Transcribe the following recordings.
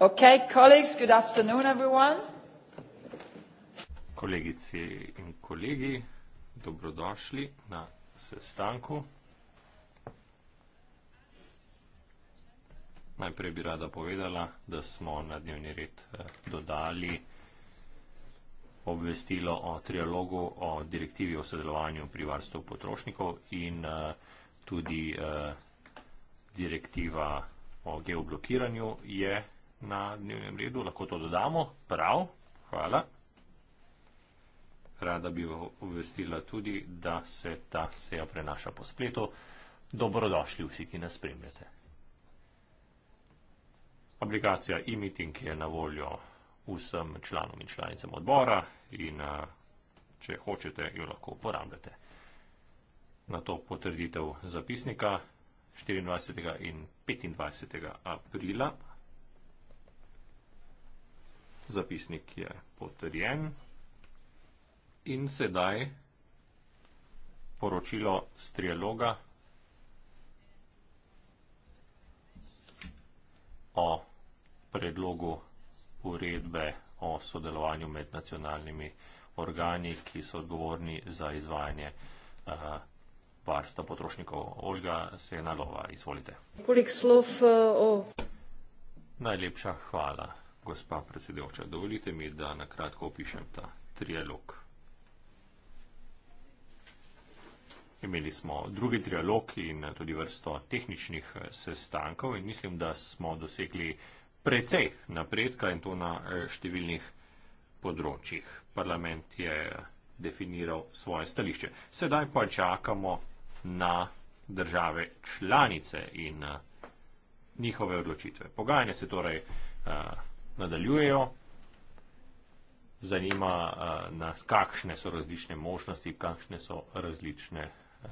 okay colleagues good afternoon everyone kolegice in kolegi dobrodošli na sestanku najprej bi rada povedala da smo na dnevni red eh, dodali obvestilo o trialogu o direktivi o sodelovanju pri varstvu potrošnikov in uh, tudi uh, direktiva o geoblokiranju je na dnevnem redu, lahko to dodamo. Prav, hvala. Rada bi obvestila tudi, da se ta seja prenaša po spletu. Dobrodošli vsi, ki nas spremljate. Aplikacija e-meeting je na voljo vsem članom in članicam odbora in eh, če hočete, jo lahko uporabljate. Na to potrditev zapisnika 24. in 25. aprila zapisnik je potrjen. In sedaj poročilo strieloga o predlogu uredbe o sodelovanju med nacionalnimi organi, ki so odgovorni za izvajanje eh, varstva uh, potrošnikov. Olga Senalova, izvolite. Kolik slov uh, o. Najlepša hvala gospa predsedovča. Dovolite mi, da na kratko opišem ta trialog. Imeli smo drugi trialog in tudi vrsto tehničnih eh, sestankov in mislim, da smo dosegli precej napredka in to na eh, številnih področjih. Parlament je definiral svoje stališče. Sedaj pa čakamo na države članice in eh, njihove odločitve. Pogajanje se torej. Uh, nadaljujejo. Zanima uh, nas, kakšne so različne možnosti, kakšne so različne uh,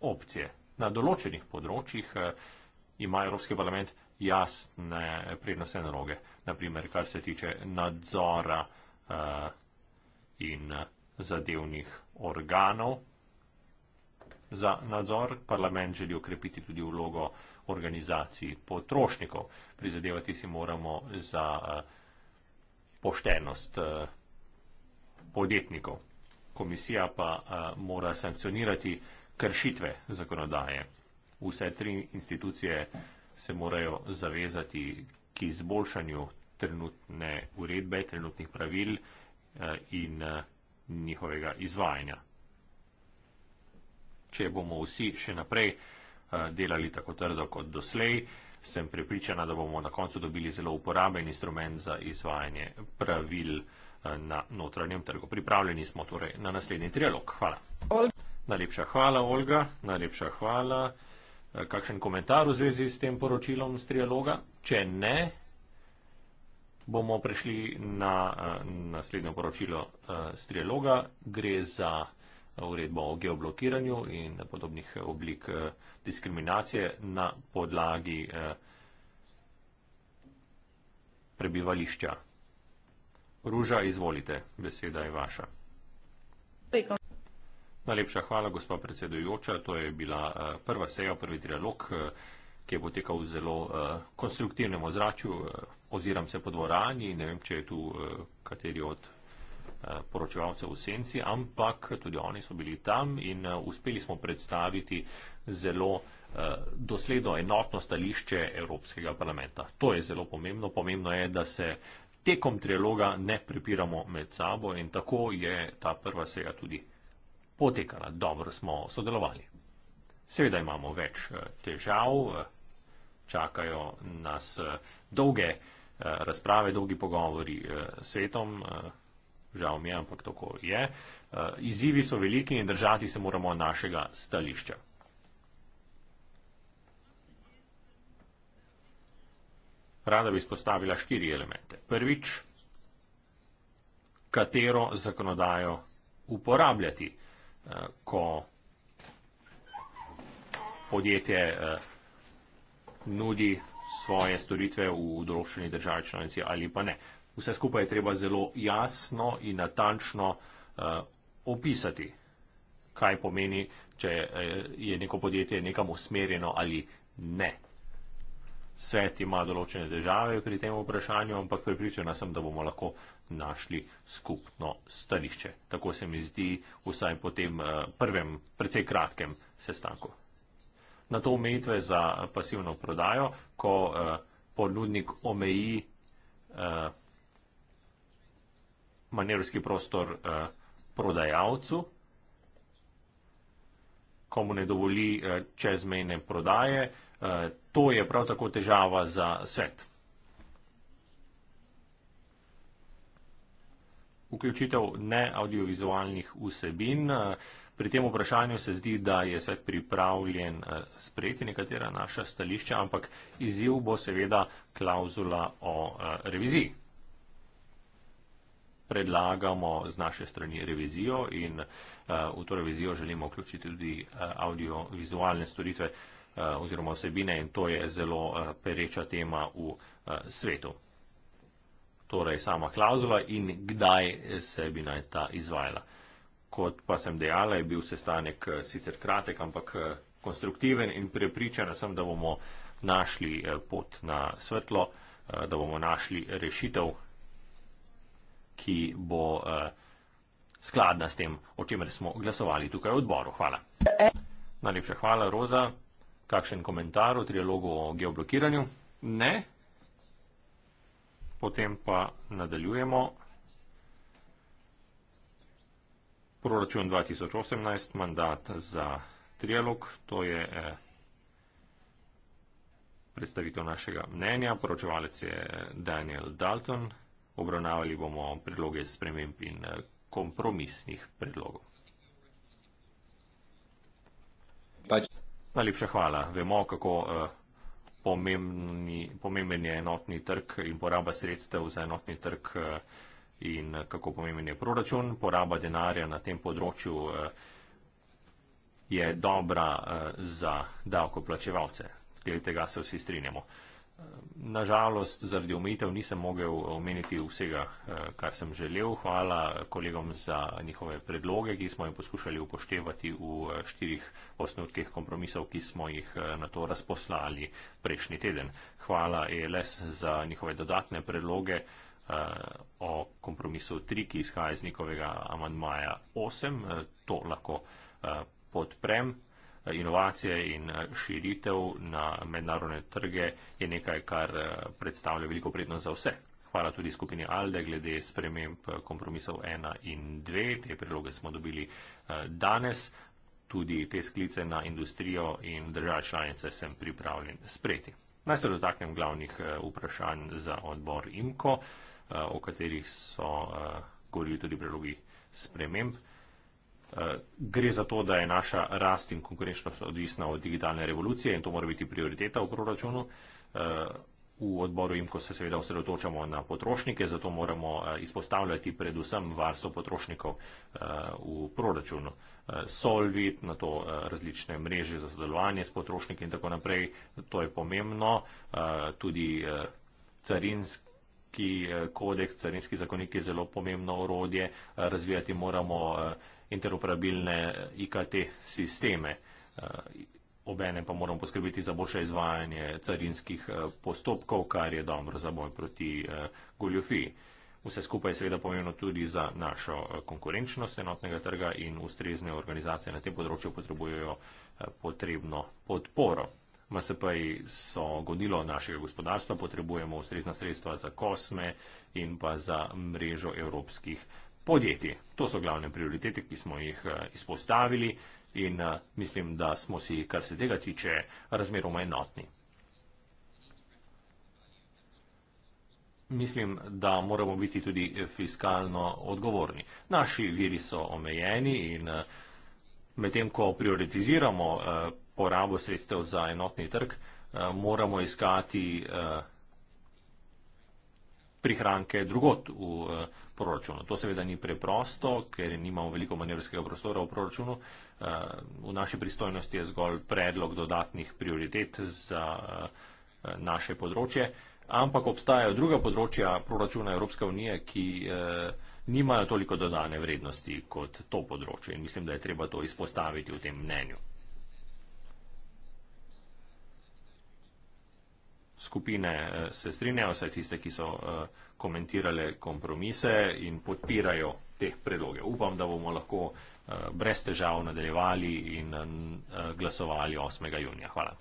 opcije. Na določenih področjih uh, ima Evropski parlament jasne prednose na roge, naprimer, kar se tiče nadzora uh, in zadevnih organov. Za nadzor parlament želi okrepiti tudi vlogo organizacij potrošnikov. Prizadevati si moramo za eh, poštenost eh, podjetnikov. Komisija pa eh, mora sankcionirati kršitve zakonodaje. Vse tri institucije se morajo zavezati k izboljšanju trenutne uredbe, trenutnih pravil in njihovega izvajanja. Če bomo vsi še naprej Eh, delali tako trdo kot doslej. Sem prepričana, da bomo na koncu dobili zelo uporaben instrument za izvajanje pravil eh, na notranjem trgu. Pripravljeni smo torej na naslednji trialog. Hvala. Ol najlepša hvala, Olga. Najlepša hvala. Eh, kakšen komentar v zvezi s tem poročilom z trialoga? Če ne, bomo prešli na naslednjo poročilo z trialoga. Gre za uredbo o geoblokiranju in podobnih eh, oblik eh, diskriminacije na podlagi eh, prebivališča. Ruža, izvolite, beseda je vaša. Preko. Najlepša hvala, gospod predsedujoča. To je bila prva seja, prvi dialog, ki je potekal v zelo konstruktivnem ozračju. Oziram se po dvorani, ne vem, če je tu kateri od Eh, poročevalce v senci, ampak tudi oni so bili tam in eh, uspeli smo predstaviti zelo eh, dosledno enotno stališče Evropskega parlamenta. To je zelo pomembno. Pomembno je, da se tekom triloga ne prepiramo med sabo in tako je ta prva seja tudi potekala. Dobro smo sodelovali. Seveda imamo več težav, čakajo nas dolge razprave, dolgi pogovori s svetom, žal mi je, ampak tako je. Eh, izzivi so veliki in držati se moramo našega stališča. Rada bi spostavila štiri elemente. Prvič, katero zakonodajo uporabljati, eh, ko podjetje eh, nudi svoje storitve v določeni državi članici ali pa ne vse skupaj je treba zelo jasno in natančno uh, opisati, kaj pomeni, če eh, je neko podjetje nekam usmerjeno ali ne. Svet ima določene težave pri tem vprašanju, ampak pripričana sem, da bomo lahko našli skupno stališče. Tako se mi zdi vsaj po tem eh, prvem, precej kratkem sestanku. Na to omejitve za pasivno prodajo, ko ponudnik omeji manevrski prostor eh, prodajalcu, komu ne dovoli eh, čezmejne prodaje. Eh, to je prav tako težava za svet. Vključitev neaudiovizualnih vsebin. Pri tem vprašanju se zdi, da je svet pripravljen sprejeti nekatera naša stališča, ampak izziv bo seveda klauzula o reviziji predlagamo z naše strani revizijo in eh, v to revizijo želimo vključiti tudi eh, audiovizualne storitve eh, oziroma osebine in to je zelo pereča tema v svetu. Torej sama klauzula in kdaj se bi naj ta izvajala. Kot pa sem dejala, je bil sestanek sicer kratek, ampak konstruktiven in prepričana sem, da bomo našli pot na svetlo, da bomo našli rešitev ki bo uh, skladna s tem, o čemer smo glasovali tukaj v odboru. Hvala. Najlepša hvala, Roza. Kakšen komentar o trialogu o geoblokiranju? Ne. Potem pa nadaljujemo. Proračun 2018, mandat za trialog, to je eh, predstavitev našega mnenja. Poročevalec je Daniel Dalton obravnavali bomo predloge sprememb in eh, kompromisnih predlogov. Pač. Najlepša hvala. Vemo, kako eh, pomembni, pomemben je enotni trg in poraba sredstev za enotni trg eh, in kako pomemben je proračun. Poraba denarja na tem področju je dobra za davkoplačevalce. Glede tega se vsi strinjamo. Nažalost, zaradi omejitev nisem mogel omeniti vsega, eh, kar sem želel. Hvala kolegom za njihove predloge, ki smo jih poskušali upoštevati v eh, štirih osnutkih kompromisov, ki smo jih eh, na to razposlali prejšnji teden. Hvala ELS za njihove dodatne predloge o kompromisu 3, ki izhaja iz njihovega amandmaja 8. To lahko podprem. Eh, inovacije in eh, širitev na mednarodne trge je nekaj, kar eh, predstavlja veliko prednost za vse. Hvala tudi skupini Alde glede sprememb kompromisov 1 in 2. Te priloge smo dobili danes. Tudi te sklice na industrijo in države članice sem pripravljen sprejeti. Naj se dotaknem glavnih vprašanj za odbor IMKO, o katerih so govorili tudi prilogi sprememb. Eh, gre za to, da je naša rast in konkurenčnost odvisna od digitalne revolucije in to mora biti prioriteta v proračunu. Eh, v odboru IMKO se seveda osredotočamo na potrošnike, zato moramo eh, izpostavljati predvsem varstvo potrošnikov v proračunu. Solvit, na to različne mreže za sodelovanje s potrošniki in tako naprej, to je pomembno. Tudi carinski ki kodeks, carinski zakonik je zelo pomembno orodje, razvijati moramo interoperabilne IKT sisteme. Eh, Obene pa moramo poskrbeti za boljše izvajanje carinskih eh, postopkov, kar je dobro za boj proti eh, goljofiji. Vse skupaj je seveda pomembno tudi za našo konkurenčnost enotnega trga in ustrezne organizacije na tem področju potrebujejo potrebno podporo. MSP-ji so gonilo našega gospodarstva, potrebujemo ustrezna sredstva za kosme in pa za mrežo evropskih podjetij. To so glavne prioritete, ki smo jih eh, izpostavili in eh, mislim, da smo si, kar se tega tiče, razmeroma enotni. Mislim, da moramo biti tudi fiskalno odgovorni. Naši viri so omejeni in eh, medtem, ko prioritiziramo porabo sredstev za enotni trg, moramo iskati prihranke drugot v eh, proračunu. To seveda ni preprosto, ker nimamo veliko manjerskega prostora v proračunu. Eh, v naši pristojnosti je zgolj predlog dodatnih prioritet za eh, naše področje, ampak obstajajo druga področja proračuna Evropske unije, ki nimajo toliko dodane vrednosti kot to področje in mislim, da je treba to izpostaviti v tem mnenju. skupine se strinjajo, vsaj tiste, ki so komentirale kompromise in podpirajo te predloge. Upam, da bomo lahko brez težav nadaljevali in glasovali 8. junija. Hvala.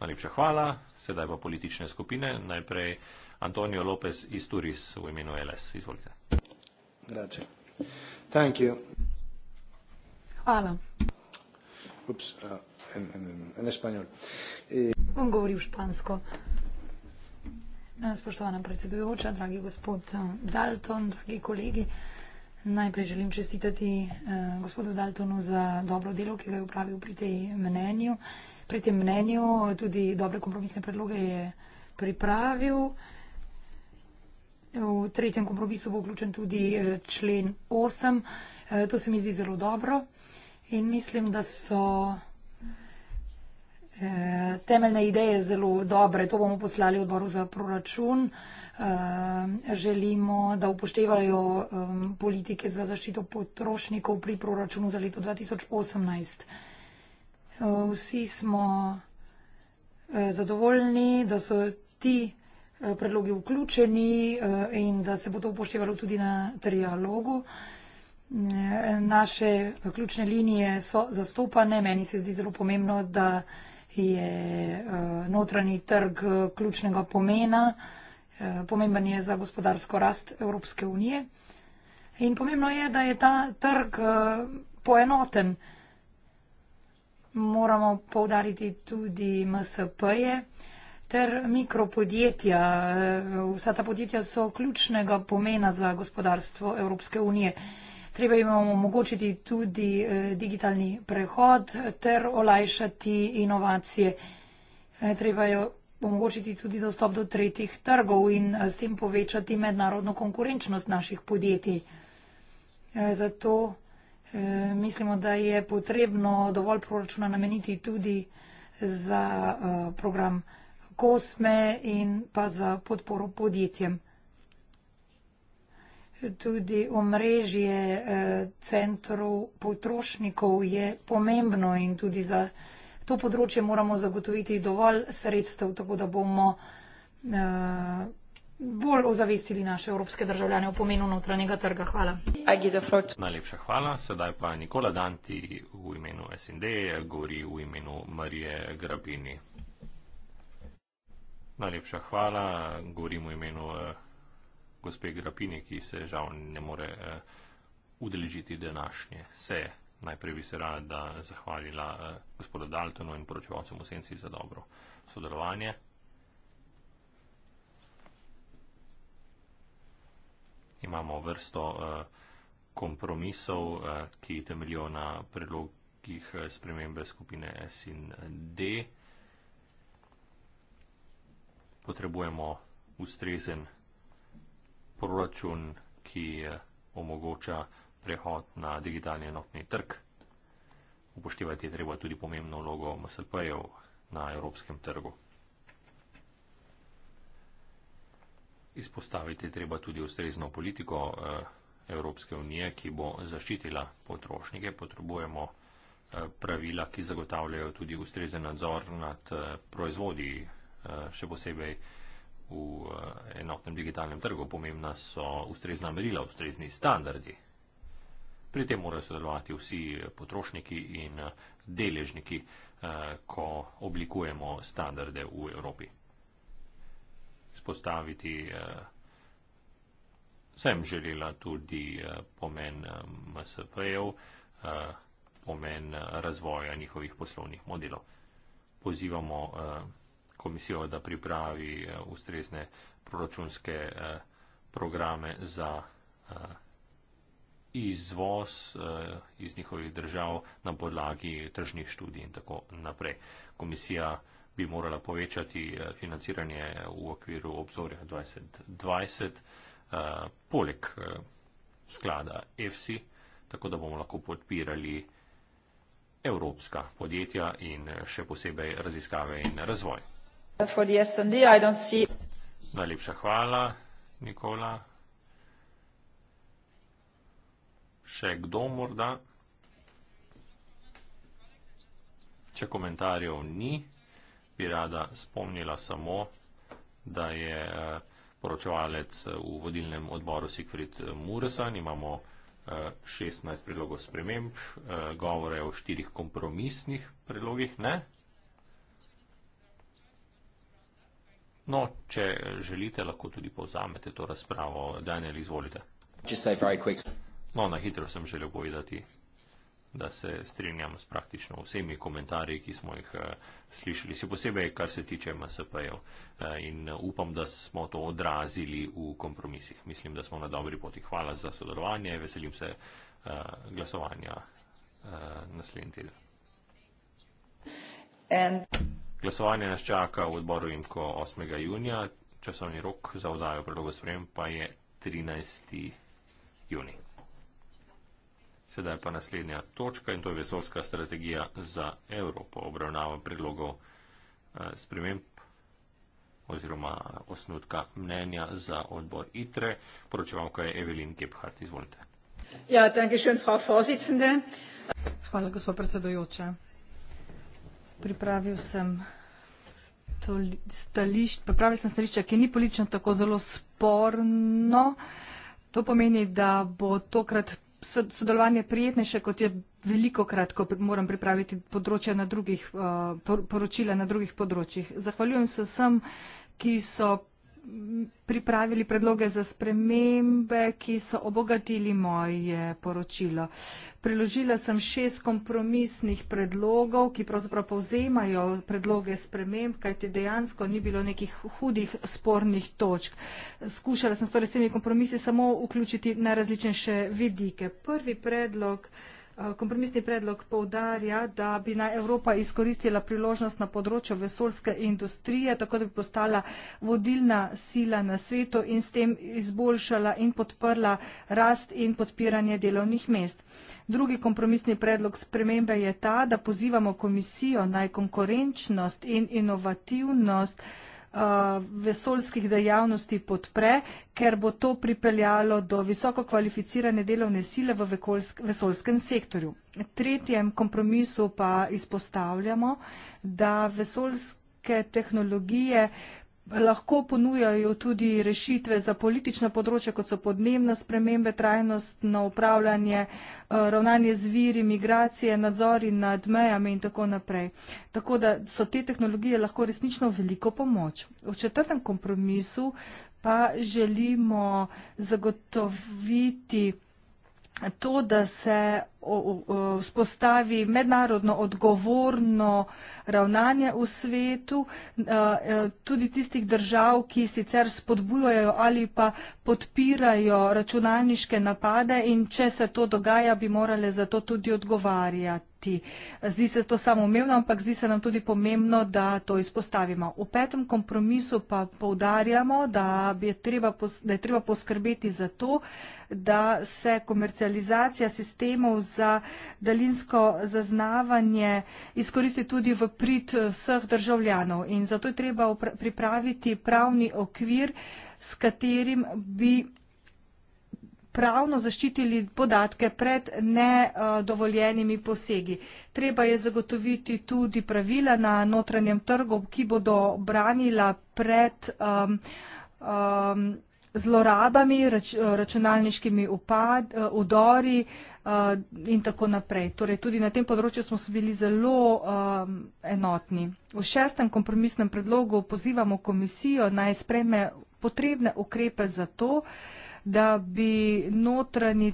Najlepša hvala. Sedaj pa politične skupine. Najprej Antonijo Lopez iz Turis v imenu LS. Izvolite. Hvala. Ups, uh, en, en, en español. Eh bom govoril špansko. Eh, spoštovana predsedujoča, dragi gospod eh, Dalton, dragi kolegi, najprej želim čestitati eh, gospodu Daltonu za dobro delo, ki ga je upravil pri, tej mnenju. pri tem mnenju. Tudi dobre kompromisne predloge je pripravil. V tretjem kompromisu bo vključen tudi člen 8. To se mi zdi zelo dobro in mislim, da so. Eh, temeljne ideje zelo dobre. To bomo poslali odboru za proračun. Eh, želimo, da upoštevajo politike za zaščito potrošnikov pri proračunu za leto 2018. Eh, vsi smo zadovoljni, da so ti predlogi vključeni in da se bo to upoštevalo tudi na trialogu. Naše ključne linije so zastopane. Meni se zdi zelo pomembno, da je eh, notranji trg eh, ključnega pomena, eh, pomemben je za gospodarsko rast Evropske unije. In pomembno je, da je ta trg poenoten. Moramo povdariti tudi MSP-je ter mikropodjetja. Vsa ta podjetja so ključnega pomena za gospodarstvo Evropske unije. Treba jim omogočiti tudi eh, digitalni prehod ter olajšati inovacije. Eh, treba jo omogočiti tudi dostop do tretjih trgov in eh, s tem povečati mednarodno konkurenčnost naših podjetij. Zato mislimo, da je potrebno dovolj proračuna nameniti tudi za program Kosme in pa za podporo podjetjem tudi omrežje eh, centrov potrošnikov je pomembno in tudi za to področje moramo zagotoviti dovolj sredstev, tako da bomo eh, bolj ozavestili naše evropske državljane v pomenu notranjega trga. Hvala. Najlepša hvala. Sedaj pa Nikola Danti v imenu SND govori v imenu Marije Grabini. Najlepša hvala, govorim v imenu eh, gospe Grapini, ki se žal ne more eh, udeležiti današnje seje. Najprej bi se rada zahvalila eh, gospodu Daltonu in poročevalcem v senci za dobro sodelovanje. Imamo vrsto eh, kompromisov, ki temeljijo na predlogih spremembe skupine S in D. Potrebujemo ustrezen proračun, ki omogoča prehod na digitalni enotni trg. Upoštevati je treba tudi pomembno vlogo MSP-jev na evropskem trgu. Izpostaviti je treba tudi ustrezno politiko eh, Evropske unije, ki bo zaščitila potrošnike. Potrebujemo eh, pravila, ki zagotavljajo tudi ustrezen nadzor nad eh, proizvodi, še posebej v eh, enotnem digitalnem trgu, pomembna so ustrezna merila, ustrezni standardi. Pri tem morajo sodelovati vsi potrošniki in eh, deležniki, eh, ko oblikujemo standarde v Evropi. Spostaviti sem želela tudi pomen MSP-jev, pomen razvoja njihovih poslovnih modelov. Pozivamo komisijo, da pripravi eh, ustrezne proračunske eh, programe za eh, izvoz iz njihovih držav na podlagi tržnih študij in tako naprej. Komisija bi morala povečati financiranje v okviru obzorja 2020 poleg sklada EFSI, tako da bomo lahko podpirali evropska podjetja in še posebej raziskave in razvoj. Najlepša hvala, Nikola. Še kdo morda? Če komentarjev ni, bi rada spomnila samo, da je eh, poročevalec eh, v vodilnem odboru Sigfrid eh, Muresan. Imamo 16 predlogov sprememb, govore o štirih kompromisnih predlogih, ne? No, če želite, lahko tudi povzamete to razpravo. Daniel, izvolite. No, na hitro sem želel povedati, da se strinjam s praktično vsemi komentarji, ki smo jih uh, slišali, še posebej, kar se tiče MSP-jev. Uh, eh, in upam, da smo to odrazili v kompromisih. Mislim, da smo na dobri poti. Hvala za sodelovanje. Veselim se uh, glasovanja uh, naslednji teden. And... Glasovanje nas čaka v odboru IMKO 8. junija, časovni rok za vdajo predlogo sprem pa je 13. juni. Sedaj pa naslednja točka in to je vesolska strategija za Evropo. Obravnava predlogov eh, sprememb oziroma osnutka mnenja za odbor ITRE. Poročevalka je Evelin Gebhardt. Izvolite. Ja, danke schön, Frau Vorsitzende. Hvala, gospod predsedujoče pripravil sem stališč, pripravil sem stališče, ki ni politično tako zelo sporno. To pomeni, da bo tokrat sodelovanje prijetnejše, kot je veliko krat, ko moram pripraviti področja na drugih, uh, poročila na drugih področjih. Zahvaljujem se vsem, ki so pripravili predloge za spremembe, ki so obogatili moje poročilo. Priložila sem šest kompromisnih predlogov, ki pravzaprav povzemajo predloge sprememb, kajti dejansko ni bilo nekih hudih spornih točk. Skušala sem torej s temi kompromisi samo vključiti na različne še vidike. Prvi predlog uh, Eh, kompromisni predlog povdarja, da bi naj Evropa izkoristila priložnost na področju vesolske industrije, tako da bi postala vodilna sila na svetu in s tem izboljšala in podprla rast in podpiranje delovnih mest. Drugi kompromisni predlog spremembe je ta, da pozivamo komisijo naj konkurenčnost in inovativnost Eh, vesoljskih dejavnosti podpre, ker bo to pripeljalo do visoko kvalificirane delovne sile v vesoljskem sektorju. Tretjem kompromisu pa izpostavljamo, da vesoljske tehnologije uh, lahko ponujajo tudi rešitve za politična področja, kot so podnebne spremembe, trajnostno upravljanje, eh, ravnanje z viri, migracije, nadzori nad mejami in tako naprej. Tako da so te tehnologije lahko resnično veliko pomoč. V četrtem kompromisu pa želimo zagotoviti to, da se vzpostavi mednarodno odgovorno ravnanje v svetu, tudi tistih držav, ki sicer spodbujajo ali pa podpirajo računalniške napade in če se to dogaja, bi morale za to tudi odgovarjati biti. Zdi se to samo umevno, ampak zdi se nam tudi pomembno, da to izpostavimo. V petem kompromisu pa poudarjamo, da, da je treba poskrbeti za to, da se komercializacija sistemov za daljinsko zaznavanje izkoristi tudi v prid eh, vseh državljanov. In zato je treba pripraviti pravni okvir, s katerim bi pravno zaščitili podatke pred nedovoljenimi posegi. Treba je zagotoviti tudi pravila na notranjem trgu, ki bodo branila pred um, um, zlorabami, rač, računalniškimi upad, udori uh, uh, in tako naprej. Torej, tudi na tem področju smo bili zelo um, enotni. V šestem kompromisnem predlogu pozivamo komisijo naj spreme potrebne ukrepe za to, uh, da bi notranji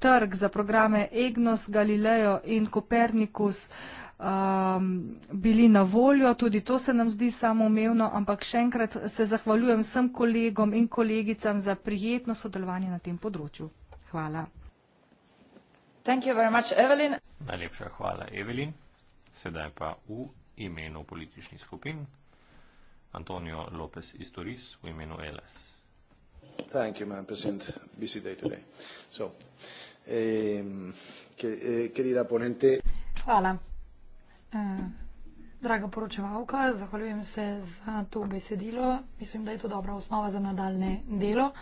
trg za programe EGNOS, Galileo in Kopernikus um, bili na voljo. Tudi to se nam zdi samoumevno, ampak še enkrat se zahvaljujem vsem kolegom in kolegicam za prijetno sodelovanje na tem področju. Hvala. Much, Najlepša hvala, Evelin. Sedaj pa v imenu političnih skupin. Antonio López Istoriz v imenu LS. Thank you, Madam President. Busy day today. So, eh, querida ponente. Hvala. Eh, draga poročevalka, zahvaljujem se za to besedilo. Mislim, da je to dobra osnova za nadaljne delo.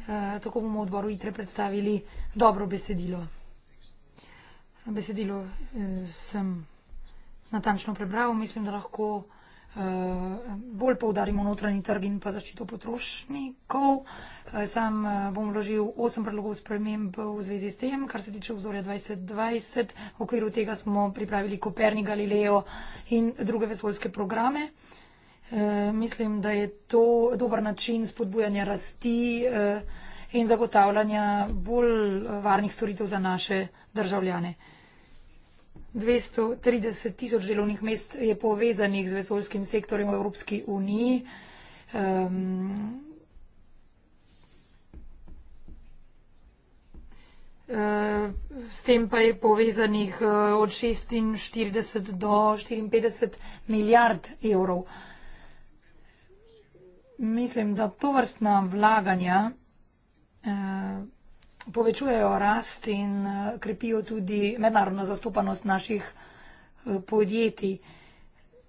Eh, tako bomo v odboru ITRE predstavili dobro besedilo. Besedilo eh, sem natančno prebral, mislim, da lahko. Eh, bolj povdarimo notranji trg in pa zaščito potrošnikov. Eh, sam eh, bom vložil osem predlogov sprememb v zvezi s tem, kar se tiče obzorja 2020. V okviru tega smo pripravili Koperni, Galileo in druge vesoljske programe. Mislim, da je to dober način spodbujanja rasti in zagotavljanja bolj varnih storitev za naše državljane. 230 tisoč delovnih mest je povezanih z vesoljskim sektorjem v Evropski uniji. Um, S tem pa je povezanih eh, od 46 do 54 milijard evrov. Mislim, da to vrstna vlaganja eh, povečujejo rast in eh, krepijo tudi mednarodno zastopanost naših eh, podjetij.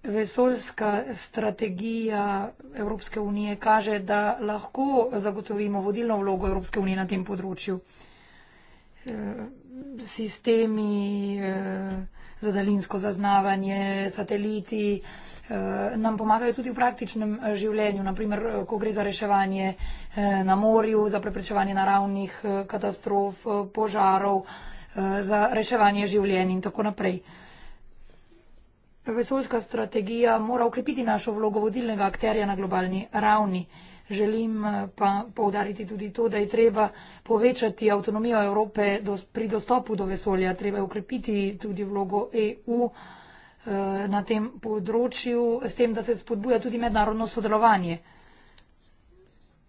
Vesoljska strategija Evropske unije kaže, da lahko zagotovimo vodilno vlogo Evropske unije na tem področju. Eh, sistemi za daljinsko zaznavanje, sateliti, Eh, nam pomagajo tudi v praktičnem eh, življenju, naprimer, eh, ko gre za reševanje na morju, za preprečevanje naravnih katastrof, požarov, za reševanje življenj in tako naprej. Vesoljska strategija mora ukrepiti našo vlogo vodilnega akterja na globalni ravni. Želim pa povdariti tudi to, da je treba povečati avtonomijo Evrope pri dostopu do vesolja. Treba je ukrepiti tudi vlogo EU. Eh, na tem področju, s tem, da se spodbuja tudi mednarodno sodelovanje.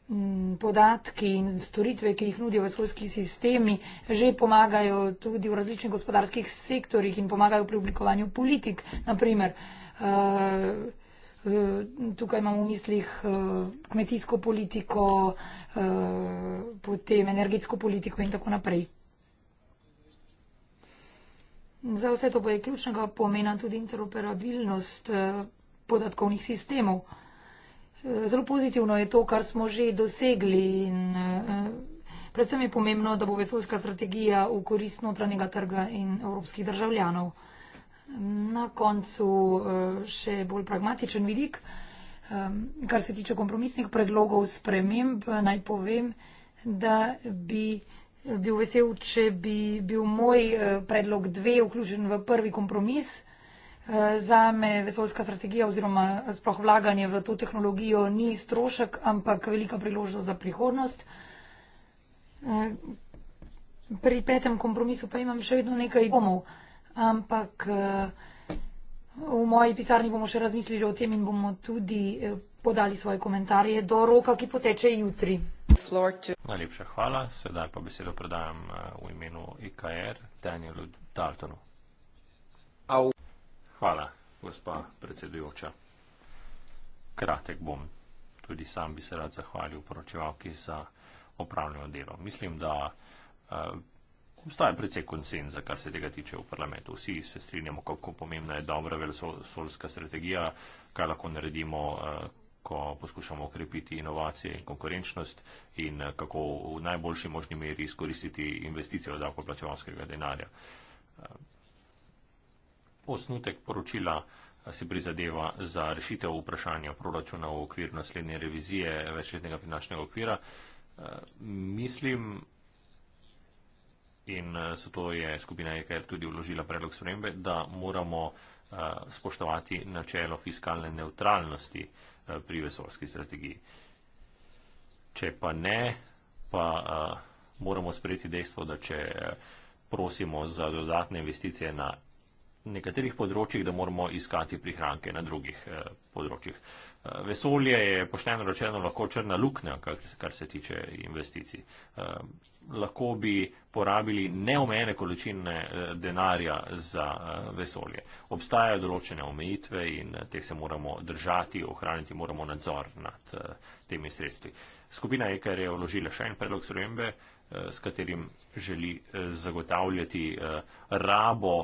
Mm, podatki in storitve, ki jih nudijo vesoljski sistemi, že pomagajo tudi v različnih gospodarskih sektorjih in pomagajo pri oblikovanju politik. Naprimer, eh, eh, tukaj imamo v mislih kmetijsko politiko, potem energetsko politiko in tako naprej. Za vse to pa je ključnega pomena tudi interoperabilnost eh, podatkovnih sistemov. Eh, zelo pozitivno je to, kar smo že dosegli in eh, predvsem je pomembno, da bo vesoljska strategija v korist notranjega trga in evropskih državljanov. Na koncu še bolj pragmatičen vidik, ehm, kar se tiče kompromisnih predlogov sprememb, naj povem, da bi bil vesel, če bi bil moj eh, predlog dve vključen v prvi kompromis. Eh, za me vesoljska strategija oziroma sploh vlaganje v to tehnologijo ni strošek, ampak velika priložnost za prihodnost. Eh, pri petem kompromisu pa imam še vedno nekaj domov, ampak v moji pisarni bomo še razmislili o tem in bomo tudi podali svoje komentarje do roka, ki poteče jutri. Najlepša hvala. Sedaj pa besedo predajam eh, v imenu IKR e Danielu Daltonu. Hvala, gospa predsedujoča. Kratek bom. Tudi sam bi se rad zahvalil poročevalki za opravljeno delo. Mislim, da uh, obstaja precej konsenza, kar se tega tiče v parlamentu. Vsi se strinjamo, kako pomembna je dobra velesolska strategija, kaj lahko naredimo. Uh, ko poskušamo okrepiti inovacije in konkurenčnost in eh, kako v najboljši možni meri izkoristiti investicijo davkoplačevalskega denarja. Eh, osnutek poročila eh, si prizadeva za rešitev vprašanja proračuna v okvir naslednje revizije večletnega finančnega okvira. Mislim, in zato je skupina EKR tudi vložila predlog spremembe, da moramo Eh, spoštovati načelo fiskalne neutralnosti eh, pri vesoljski strategiji. Če pa ne, pa eh, moramo sprejeti dejstvo, da če prosimo za dodatne investicije na nekaterih področjih, da moramo iskati prihranke na drugih področjih. Eh, vesolje je pošteno rečeno lahko črna luknja, kar se tiče investicij. Eh, lahko bi porabili neomejene količine eh, denarja za vesolje. Obstajajo določene omejitve in teh se moramo držati, ohraniti moramo nadzor nad temi sredstvi. Skupina EKR je vložila še en predlog spremembe, s katerim želi zagotavljati rabo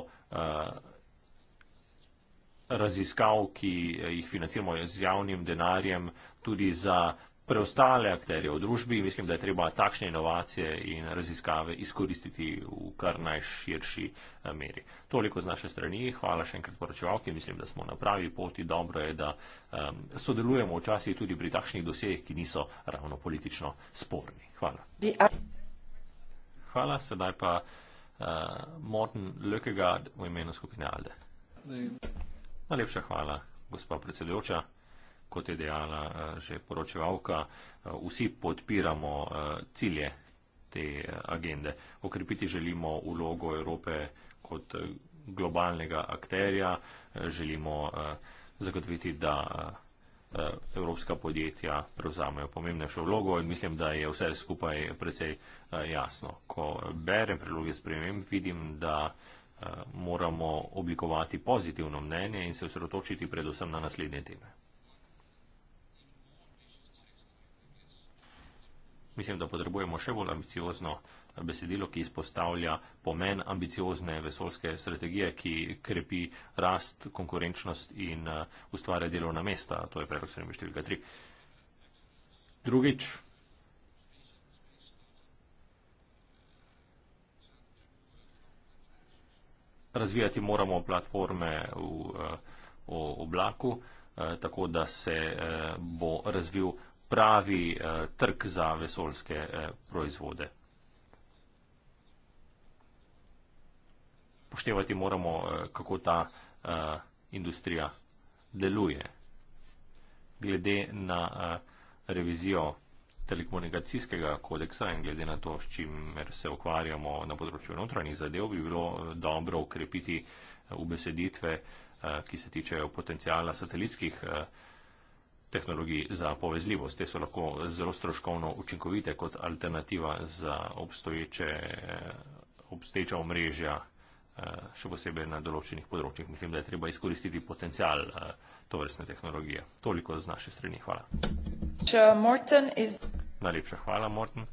raziskav, ki eh, jih financiramo z javnim denarjem, tudi za preostale akterje v družbi. Mislim, da je treba takšne inovacije in raziskave izkoristiti v kar najširši eh, meri. Toliko z naše strani. Hvala še enkrat poročevalki. Mislim, da smo na pravi poti. Dobro je, da um, sodelujemo včasih tudi pri takšnih dosejih, ki niso ravno politično sporni. Hvala. Hvala. Sedaj pa uh, Morten Lökegaard v imenu skupine Alde. Ne. Najlepša hvala, gospa predsedujoča. Kot je dejala eh, že poročevalka, eh, vsi podpiramo eh, cilje te agende. Okrepiti želimo ulogo Evrope kot globalnega akterja, želimo zagotoviti, da evropska podjetja prevzamejo pomembnejšo vlogo in mislim, da je vse skupaj precej jasno. Ko berem priloge spremem, vidim, da Eh, moramo oblikovati pozitivno mnenje in se osredotočiti predvsem na naslednje teme. Mislim, da potrebujemo še bolj ambiciozno besedilo, ki izpostavlja pomen ambiciozne vesolske strategije, ki krepi rast, konkurenčnost in eh, ustvarja delovna mesta. To je predlog 7.4. Drugič, razvijati moramo platforme v, eh, v oblaku, eh, tako da se eh, bo razvil pravi trg za vesolske proizvode. Poštevati moramo, kako ta industrija deluje. Glede na revizijo telekomunikacijskega kodeksa in glede na to, s čimer se ukvarjamo na področju notranjih zadev, bi bilo eh, dobro ukrepiti eh, ubeseditve, eh, ki se tičejo potencijala satelitskih tehnologij za povezljivost. Te so lahko zelo stroškovno učinkovite kot alternativa za obstoječe, obstoječa omrežja, še posebej na določenih področjih. Mislim, da je treba izkoristiti potencijal tovrstne tehnologije. Toliko z naše strani. Hvala. Morton is Najlepša hvala, Morten.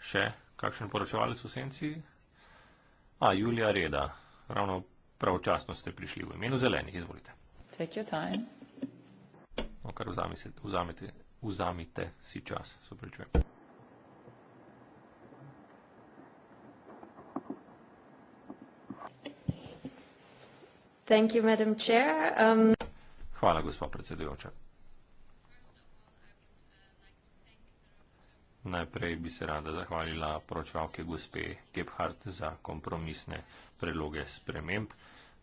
Še kakšen poročevalec v senci? A, Julija Reda. Ravno pravočasno ste prišli v imenu zelenih. Izvolite. Take your time. No, kar vzamite, vzamite, vzamite si čas, se pričujem. Thank you, madam chair. Um... Hvala, gospod predsedujoča. Najprej bi se rada zahvalila poročevalke gospe Gebhardt za kompromisne predloge sprememb,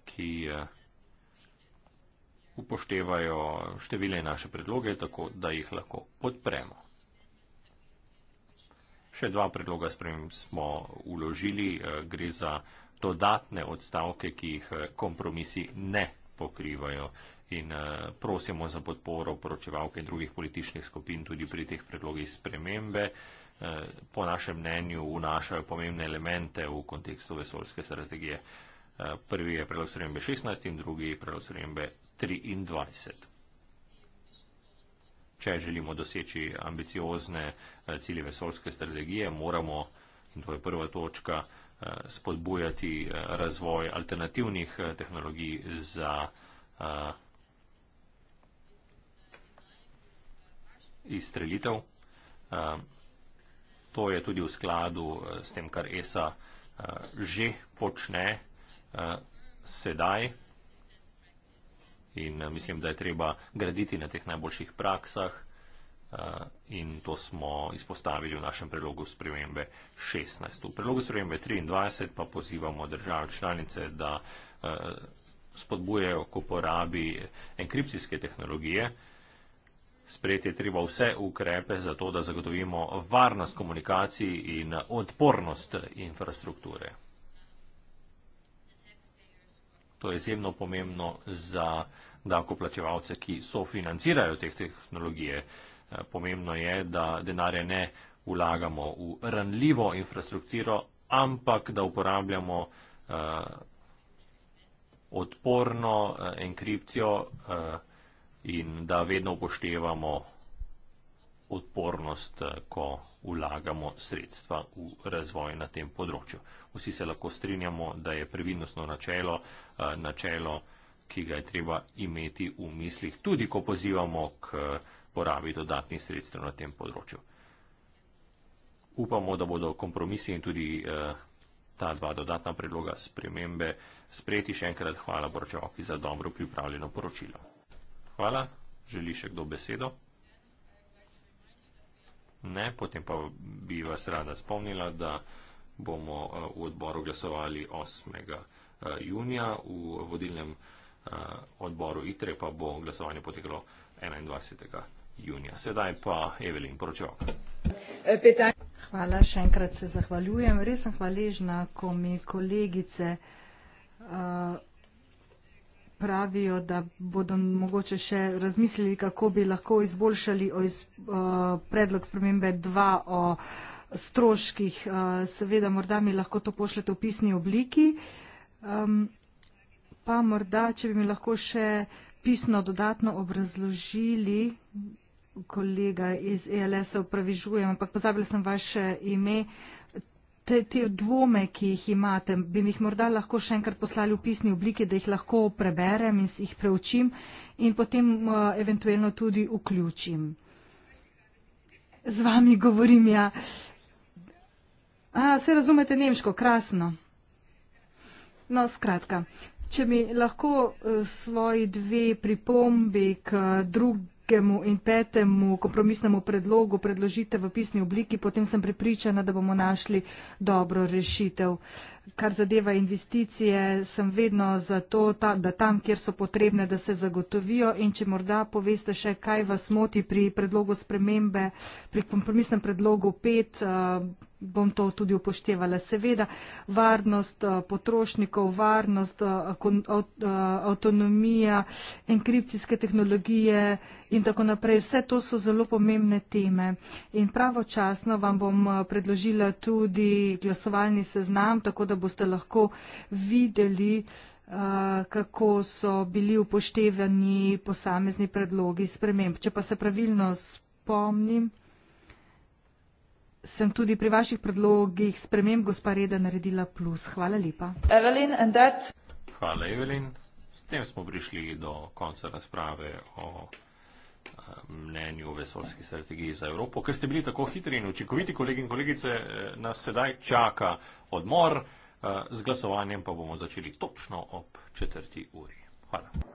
ki eh, upoštevajo številne naše predloge, tako da jih lahko podpremo. Še dva predloga sprememb smo uložili, eh, gre za dodatne odstavke, ki jih eh, kompromisi ne pokrivajo in eh, prosimo za podporo poročevalke in drugih političnih skupin tudi pri teh predlogih spremembe. Eh, po našem mnenju vnašajo pomembne elemente v kontekstu vesolske strategije. Eh, prvi je predlog spremembe 16 in drugi je predlog spremembe 23. Če želimo doseči ambiciozne cilje vesolske strategije, moramo, in to je prva točka, spodbujati razvoj alternativnih tehnologij za izstrelitev. Eh, to je tudi v skladu eh, s tem, kar ESA eh, že počne sedaj. In mislim, da je treba graditi na teh najboljših praksah. In to smo izpostavili v našem predlogu spremembe 16. V predlogu spremembe 23 pa pozivamo države članice, da spodbujejo k uporabi enkripcijske tehnologije, uh, Sprejeti je treba vse ukrepe za to, da zagotovimo varnost komunikacij in odpornost infrastrukture. To je izjemno pomembno za davkoplačevalce, ki sofinancirajo teh tehnologije. Eh, pomembno je, da denarje ne vlagamo v ranljivo infrastrukturo, ampak da uporabljamo uh, odporno uh, enkripcijo. Uh, in da vedno upoštevamo odpornost, ko vlagamo sredstva v razvoj na tem področju. Vsi se lahko strinjamo, da je previdnostno načelo eh, načelo, ki ga je treba imeti v mislih, tudi ko pozivamo k eh, porabi dodatnih sredstev na tem področju. Upamo, da bodo kompromisi in tudi eh, ta dva dodatna predloga spremembe sprejeti. Še enkrat hvala Borčevoki za dobro pripravljeno poročilo. Hvala. Želi še kdo besedo? Ne, potem pa bi vas rada spomnila, da bomo eh, v odboru glasovali 8. Eh, junija, v vodilnem eh, odboru ITRE pa bo glasovanje potekalo 21. junija. Sedaj pa Evelin Poročevak. Hvala, še enkrat se zahvaljujem. Res sem hvaležna, ko mi kolegice. Uh, pravijo, da bodo mogoče še razmislili, kako bi lahko izboljšali o iz, o, predlog spremembe 2 o stroških. O, e, seveda, morda mi lahko to pošljete v pisni obliki. Um, pa morda, če bi mi lahko še pisno dodatno obrazložili, kolega iz ELS-a, upravižujem, ampak pozabila sem vaše ime te, te dvome, ki jih imate, bi mi jih morda lahko še enkrat poslali v pisni obliki, da jih lahko preberem in jih preučim in potem uh, eventualno tudi vključim. Z vami govorim, ja. A, se razumete nemško, krasno. No, skratka, če mi lahko uh, svoji dve pripombi k uh, drugim drugemu in petemu kompromisnemu predlogu predložite v pisni obliki, potem sem prepričana, da bomo našli dobro rešitev. Uh, kar zadeva investicije, sem vedno za to, da tam, kjer so potrebne, da se zagotovijo. In če morda poveste še, kaj vas moti pri predlogu spremembe, pri kompromisnem predlogu 5, eh, bom to tudi upoštevala. Seveda, varnost eh, potrošnikov, varnost eh, avtonomija, enkripcijske tehnologije in tako naprej. Vse to so zelo pomembne teme. In pravočasno vam bom predložila tudi glasovalni seznam, tako da da boste lahko videli, eh, kako so bili upoštevani posamezni predlogi sprememb. Če pa se pravilno spomnim, sem tudi pri vaših predlogih sprememb gospa Reda naredila plus. Hvala lepa. Evelyn that... Hvala, Evelyn. S tem smo prišli do konca razprave o eh, mnenju vesoljski strategiji za Evropo. Ker ste bili tako hitri in učinkoviti, kolegi in kolegice, eh, nas sedaj čaka odmor. Eh, z glasovanjem pa bomo začeli točno ob četrti uri. Hvala.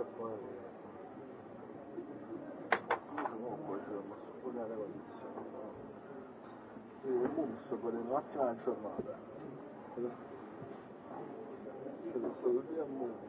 Grazie a tutti.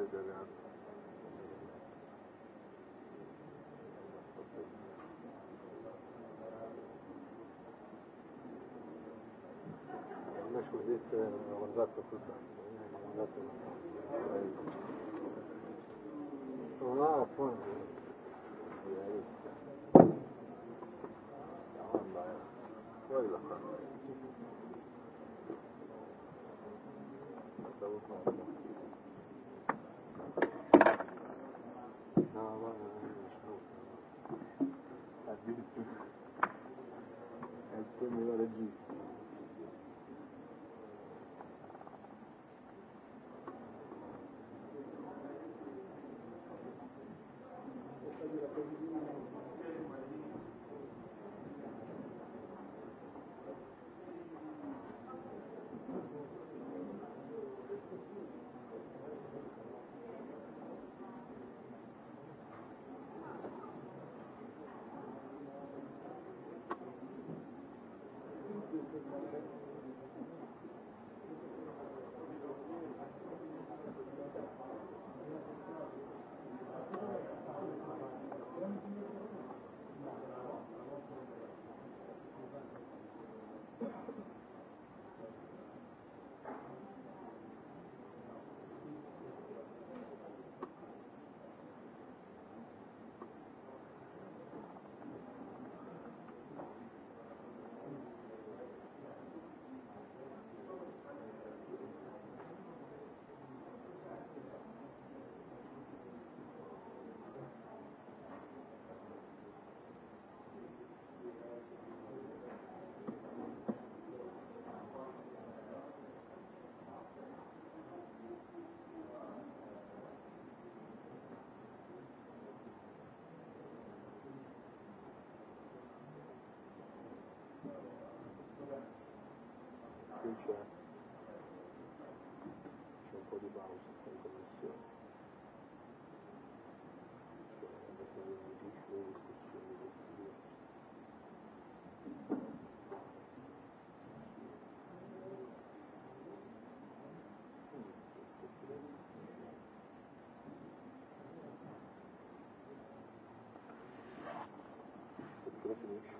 से जगह نشكو جيس غرزات Thank you. Addirittura. È il tema della regista. qui c'è c'è un po' di pausa in connessione Thank you.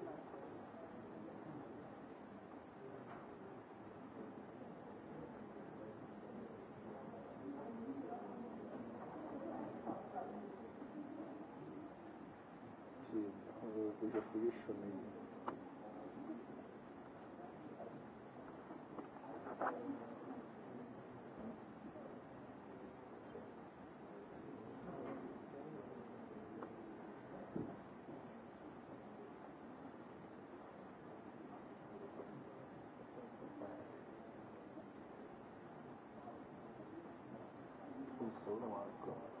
возвышенный. Thank you.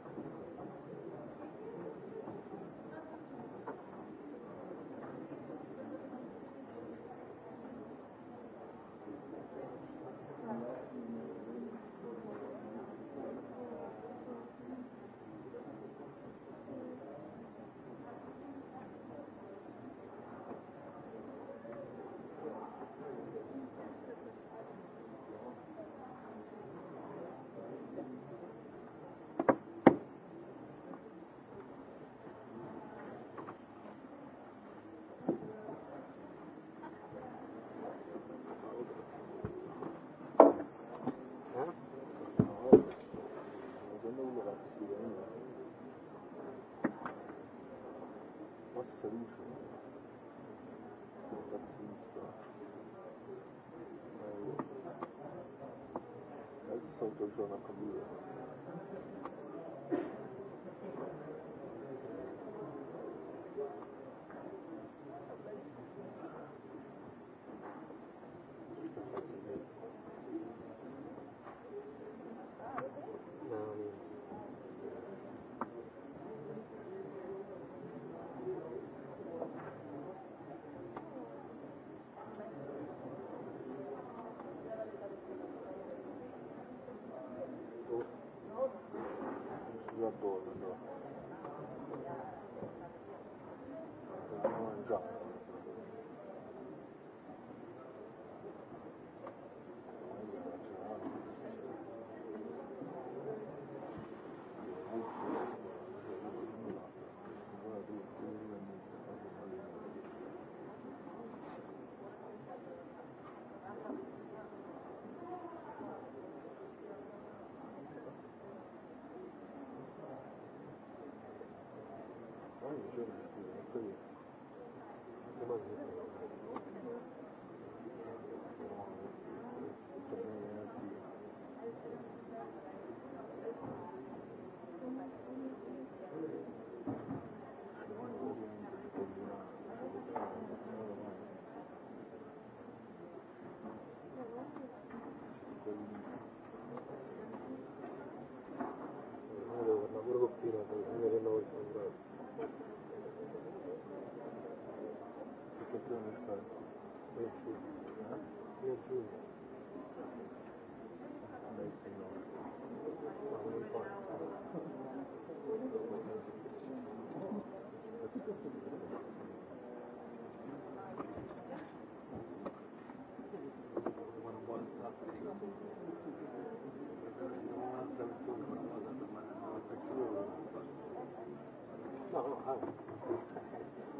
kot zelo nakomljuje. attorno. Non mangiare.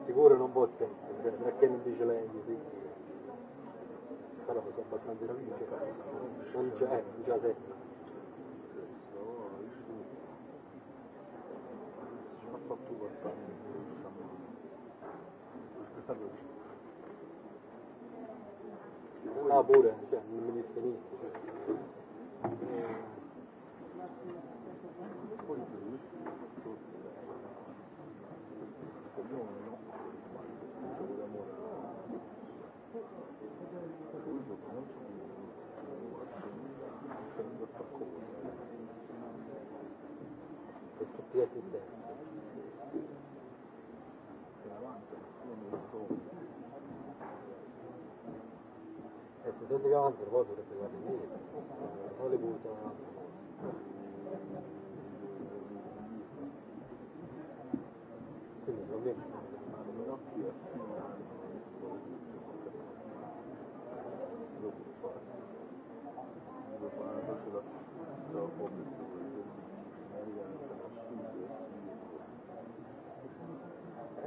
sicuro non può essere perché non dice lei di sì però sono abbastanza felice non c'è non c'è se no ah, pure cioè, non mi disse niente materiale per voi potete andare lì, poi le butta. Quindi non è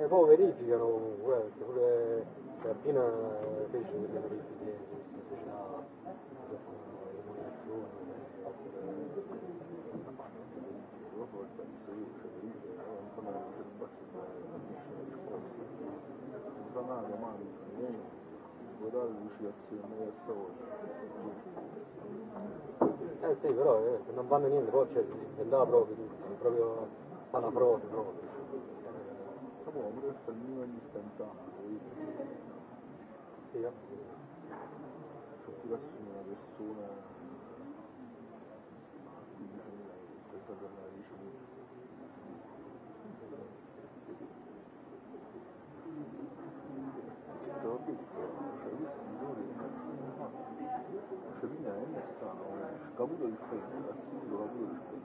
e poi verificano comunque, pure la fine fece delle verifiche. Eh sì, però eh, se non vanno niente, poi c'è cioè, il labbro di tutti, proprio alla prova, proprio. Ma buono, questo è il mio indispensabile. Sì, eh sentiva su una persona di questa donna ha ricevuto te l'ho detto c'è un signore c'è un signore c'è un signore c'è un signore c'è un signore c'è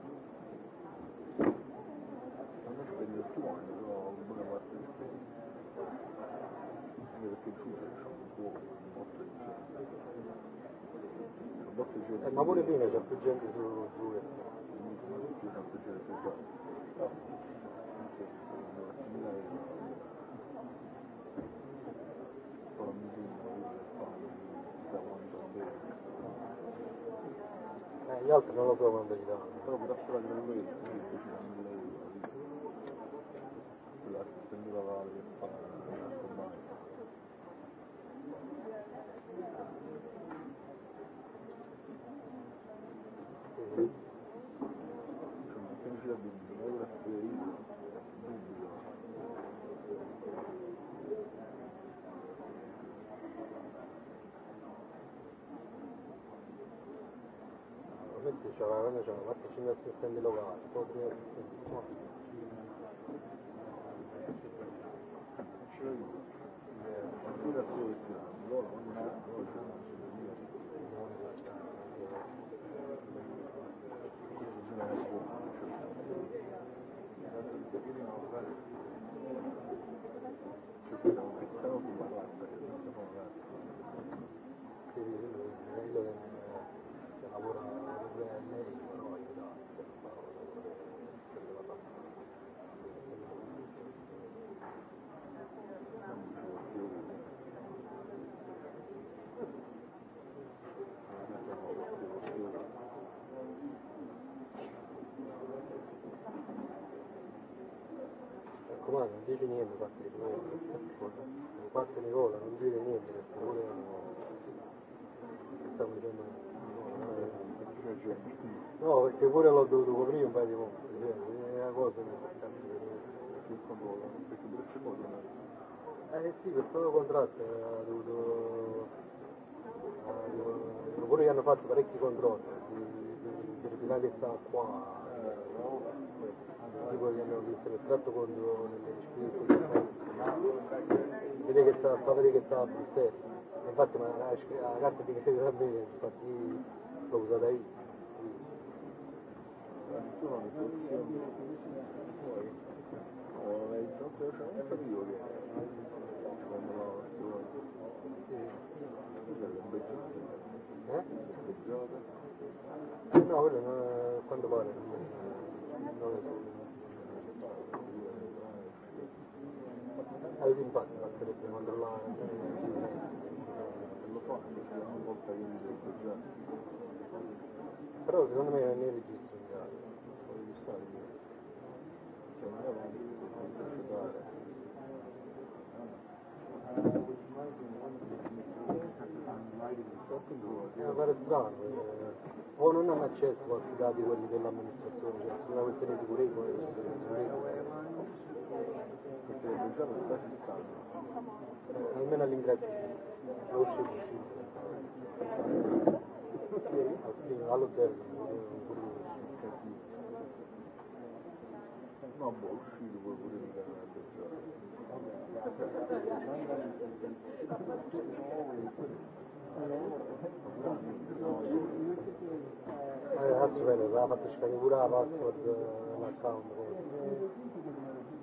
un signore c'è un signore non spendi 8 anni però buona parte di spendi anche perché giù c'è un po' un po' di gente doppio giro. Eh, ma pure prima c'è più gente su due. Su... Eh, gli altri non lo so quando gli danno. Però per la grande lì, la valle che fa, non è mai. cioè veramente cioè, 4-5 assistenti locali, 4-5 assistenti qua. No, perché pure l'ho dovuto coprire un paio di volte, è una cosa che perché no. Eh sì, per tutto il contratto ha eh, dovuto. Eh, pure gli hanno fatto parecchi controlli, per il finale che stava qua, eh, no? tipo gli hanno visto l'estratto con le spese. No? le dico sta papà di che sta per sé infatti ma la carta di credito da bene infatti l'ho usata io eh? No, quello non è... quando pare non lo so. هذه نقاط مؤثرة في مدى الله اللقاء اللي كان أنظر قيم بالكتاب فراز غنم يا نيري جيسون يا ويستعد يا كمال شبارة Ja, vare zdan. On ona na čest vas gadi voli dela ministra Sorža. Sve ove se ne zgorego, ove se ne zgorego perché già lo sta fissando almeno all'ingresso lo uscì così allo termine no boh uscito poi pure mi cagano già Eh, adesso bene, aveva fatto scaricare pure la password l'account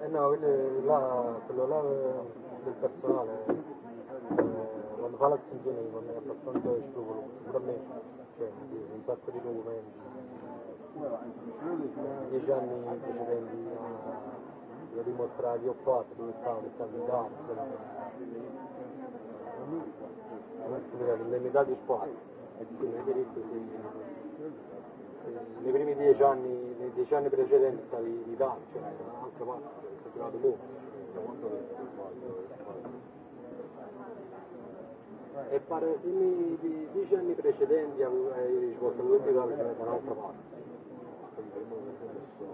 Eh, no, quelli, là, quello là eh, del personale, eh, quando fa l'accensione, è abbastanza scrupoloso, per me c'è cioè, un sacco di documenti dieci anni precedenti a no, uh, dimostrare di opposto dove stavo, dove stavo in gioco. Nelle metà di sport, nei primi dieci anni, nei dieci anni precedenti stavi in Italia, cioè un'altra parte, sono tirato molto. E pare, nei dieci anni precedenti hai eh, risposto l'ultima cosa da un'altra parte vedno razumeli, so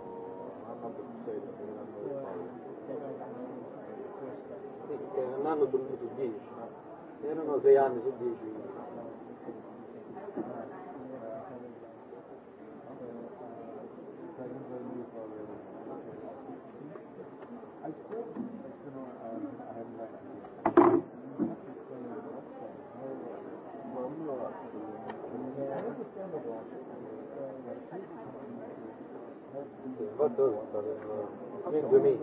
nanodobsede, ne nanodobsede. Te nanodobsede dobiš, verjeno za jami zubi živi. I think, I don't know, I haven't liked it. deux, ça va être euh, une demi.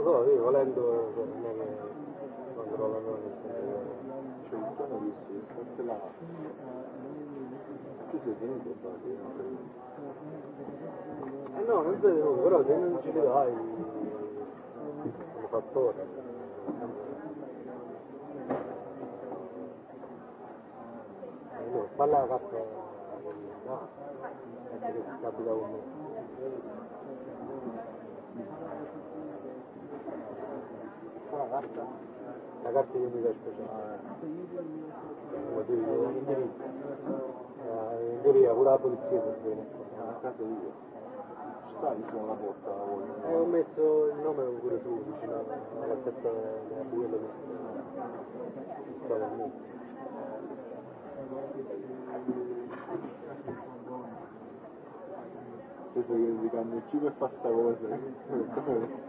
Non so, io volendo se non è che controllano nel senso. 是一个历史，它是吧？就是给你多少钱？反正反正，我老天能觉得啊，我搞错了。我本来搞错了，那那这个比较比较稳。Thank you. اگر تو یه میداش بشه آره این دری اولا پولیسی بود بینه آره Sai, ho messo il nome di un gruppo vicino alla testa della Biela di Salamu. Sento che mi cambia il cibo e fa sta cosa.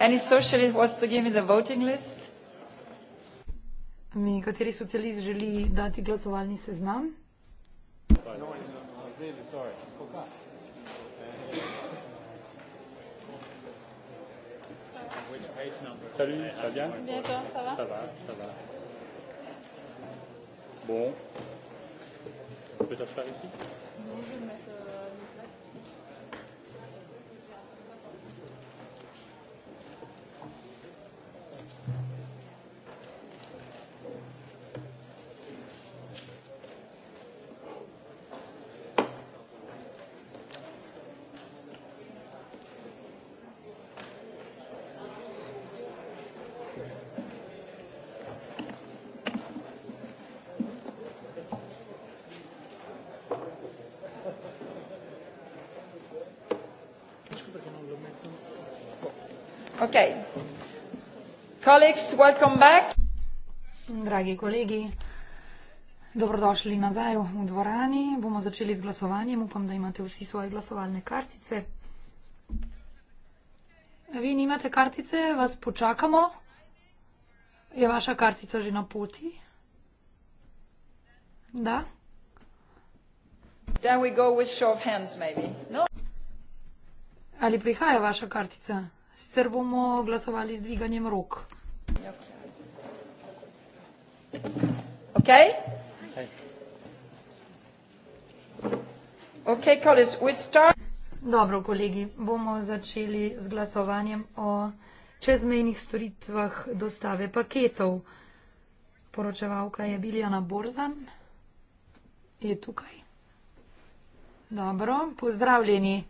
any socialist wants to give me the voting list? Mi kateri socialist želi dati glasovalni seznam? Salut, ça vient? Dragi kolegi, dobrodošli nazaj v dvorani. Bomo začeli z glasovanjem. Upam, da imate vsi svoje glasovalne kartice. Vi nimate kartice, vas počakamo. Je vaša kartica že na poti? Da. No? Ali prihaja vaša kartica? Da sicer bomo glasovali z dviganjem rok. Okay? Okay, colleagues, we start... Dobro, kolegi, bomo začeli z glasovanjem o čezmejnih storitvah dostave paketov. Poročevalka je Biljana Borzan. Je tukaj. Dobro, pozdravljeni.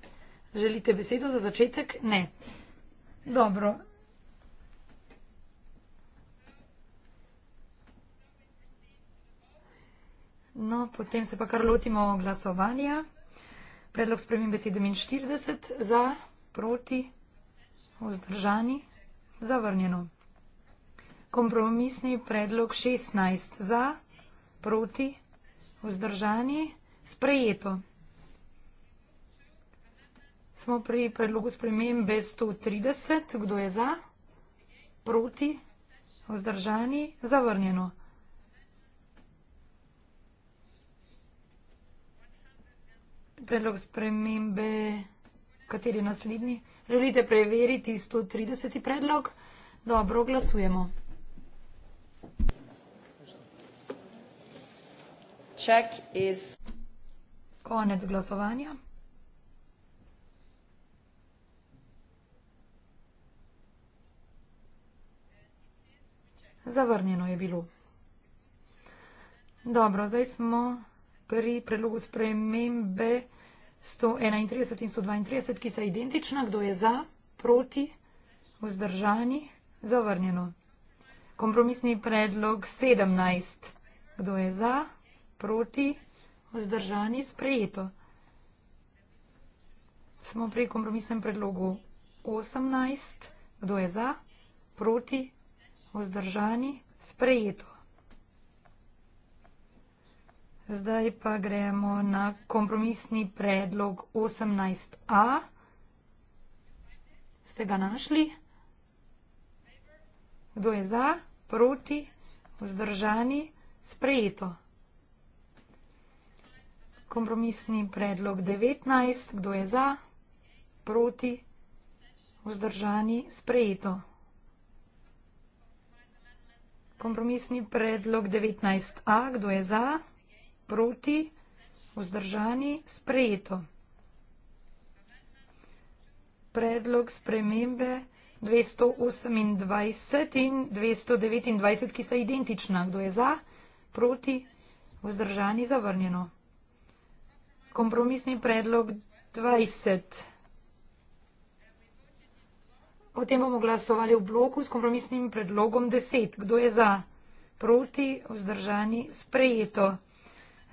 Želite besedo za začetek? Ne. Ne. Dobro. No, potem se pa kar lotimo glasovanja. Predlog spremembe 47 za, proti, vzdržani, zavrnjeno. Kompromisni predlog 16 za, proti, vzdržani, sprejeto. Smo pri predlogu spremembe 130. Kdo je za? Proti? Vzdržani? Zavrnjeno. Predlog spremembe, kateri je naslednji? Želite preveriti 130. predlog? Dobro, glasujemo. Konec glasovanja. Zavrnjeno je bilo. Dobro, zdaj smo pri predlogu spremembe 131 in 132, ki so identična. Kdo je za, proti, vzdržani, zavrnjeno. Kompromisni predlog 17. Kdo je za, proti, vzdržani, sprejeto. Smo pri kompromisnem predlogu 18. Kdo je za, proti, vzdržani vzdržani, sprejeto. Zdaj pa gremo na kompromisni predlog 18a. Ste ga našli? Kdo je za, proti, vzdržani, sprejeto? Kompromisni predlog 19. Kdo je za, proti, vzdržani, sprejeto? Kompromisni predlog 19a, kdo je za, proti, vzdržani, sprejeto. Predlog spremembe 228 in 229, ki sta identična, kdo je za, proti, vzdržani, zavrnjeno. Kompromisni predlog 20. O tem bomo glasovali v bloku s kompromisnim predlogom 10. Kdo je za? Proti, vzdržani, sprejeto.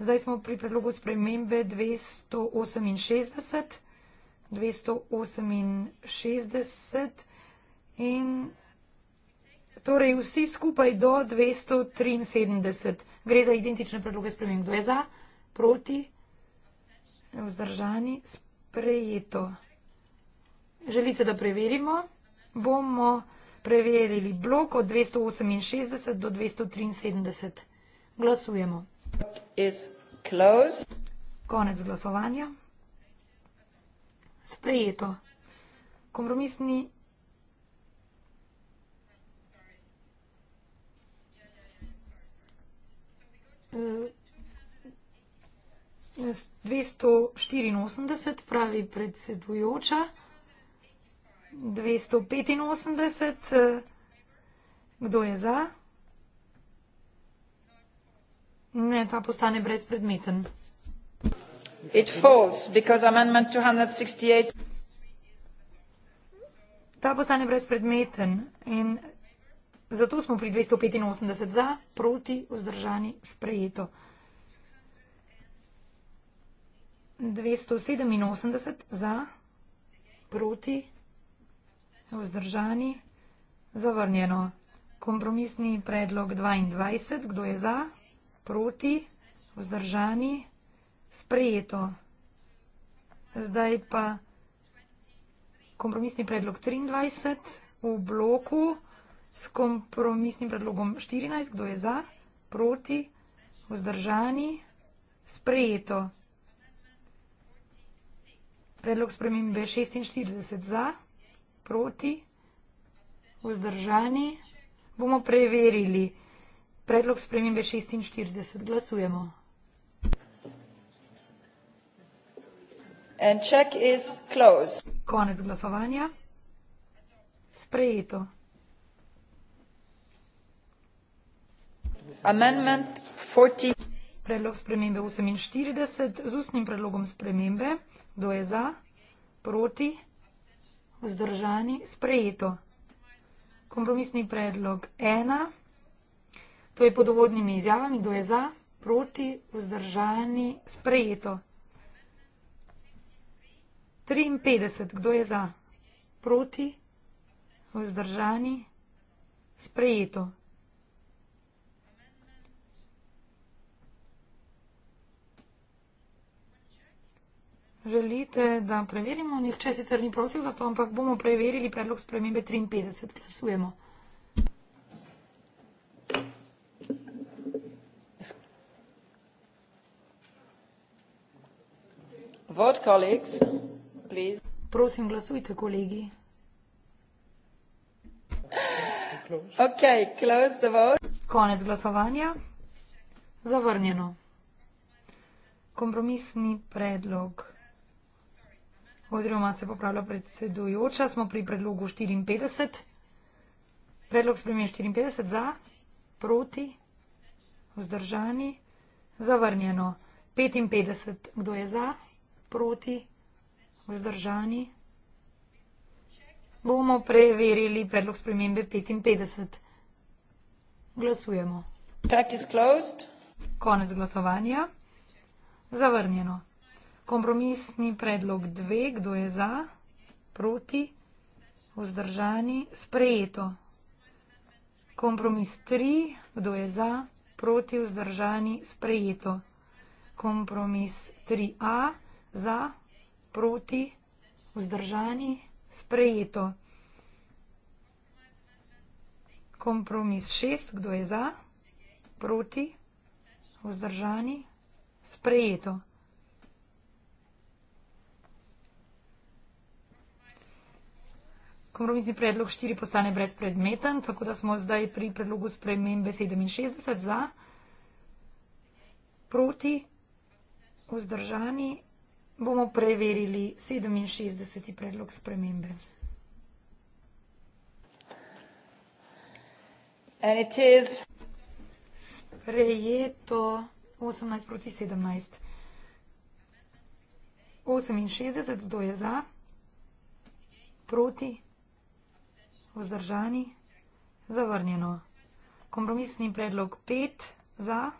Zdaj smo pri predlogu spremembe 268. 268 in torej vsi skupaj do 273. Gre za identične predloge sprememb. Kdo je za? Proti, vzdržani, sprejeto. Želite, da preverimo? bomo preverili blok od 268 do 273. Glasujemo. Konec glasovanja. Sprejeto. Kompromisni. Dvesto štiriinosemdeset pravi predsedujoča. 285. Eh, kdo je za? Ne, ta postane brezpredmeten. Ta postane brezpredmeten in zato smo pri 285 za, proti, vzdržani, sprejeto. 287 za, proti, vzdržani. Vzdržani? Zavrnjeno. Kompromisni predlog 22. Kdo je za? Proti? Vzdržani? Sprejeto. Zdaj pa kompromisni predlog 23 v bloku s kompromisnim predlogom 14. Kdo je za? Proti? Vzdržani? Sprejeto. Predlog spremembe 46 za proti? Vzdržani? Bomo preverili. Predlog spremembe šestinštirideset, glasujemo. And check is close. Konec glasovanja. Sprejeto. Amendment 40. Predlog spremembe 48 z ustnim predlogom spremembe. Kdo je za? Proti? vzdržani, sprejeto. Kompromisni predlog ena, to je pod uvodnimi izjavami, kdo je za, proti, vzdržani, sprejeto. 53, kdo je za, proti, vzdržani, sprejeto. Želite, da preverimo? Nihče sicer ni prosil za to, ampak bomo preverili predlog spremembe 53. Glasujemo. Vod, kolegs, Prosim, glasujte, kolegi. Okay, close the vote. Konec glasovanja. Zavrnjeno. Kompromisni predlog. Oziroma se popravlja predsedujoča, smo pri predlogu 54. Predlog spremenja 54 za, proti, vzdržani, zavrnjeno. 55, kdo je za, proti, vzdržani. Bomo preverili predlog spremembe 55. Glasujemo. Konec glasovanja. Zavrnjeno. Kompromisni predlog dve, kdo je za, proti, vzdržani, sprejeto. Kompromis tri, kdo je za, proti, vzdržani, sprejeto. Kompromis 3a, za, proti, vzdržani, sprejeto. Kompromis 6, kdo je za, proti, vzdržani, sprejeto. kompromisni predlog 4 postane brezpredmeten, tako da smo zdaj pri predlogu spremembe 67 za, proti, vzdržani, bomo preverili 67. predlog spremembe. Is... Sprejeto 18 proti 17. 68, kdo je za? Proti? vzdržani, zavrnjeno. Kompromisni predlog 5 za,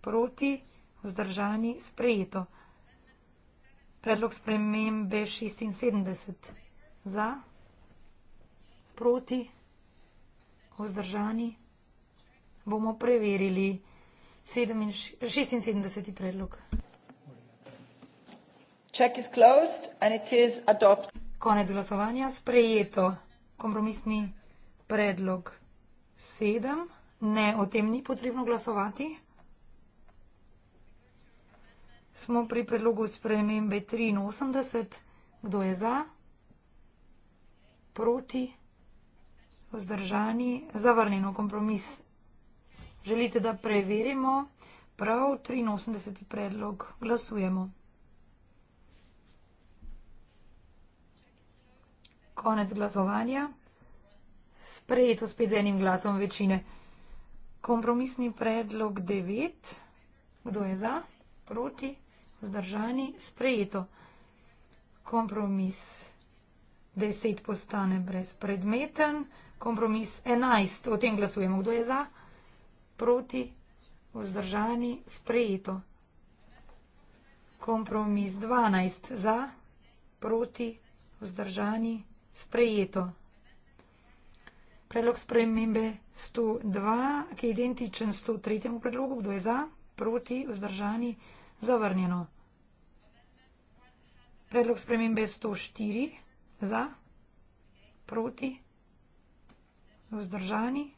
proti, vzdržani, sprejeto. Predlog spremembe 76 za, proti, vzdržani, bomo preverili 76. predlog. Check is closed and it is adopted. Konec glasovanja, sprejeto kompromisni predlog sedem. Ne, o tem ni potrebno glasovati. Smo pri predlogu spremembe 83. Kdo je za? Proti? Vzdržani? Zavrnjeno kompromis. Želite, da preverimo? Prav 83. predlog. Glasujemo. konec glasovanja, sprejeto spet z enim glasom večine. Kompromisni predlog 9, kdo je za, proti, vzdržani, sprejeto. Kompromis 10 postane brezpredmeten, kompromis 11, o tem glasujemo, kdo je za, proti, vzdržani, sprejeto. Kompromis 12 za, proti, vzdržani, sprejeto sprejeto. Predlog spremembe 102, ki je identičen 103. predlogu, kdo je za, proti, vzdržani, zavrnjeno. Predlog spremembe 104, za, proti, vzdržani.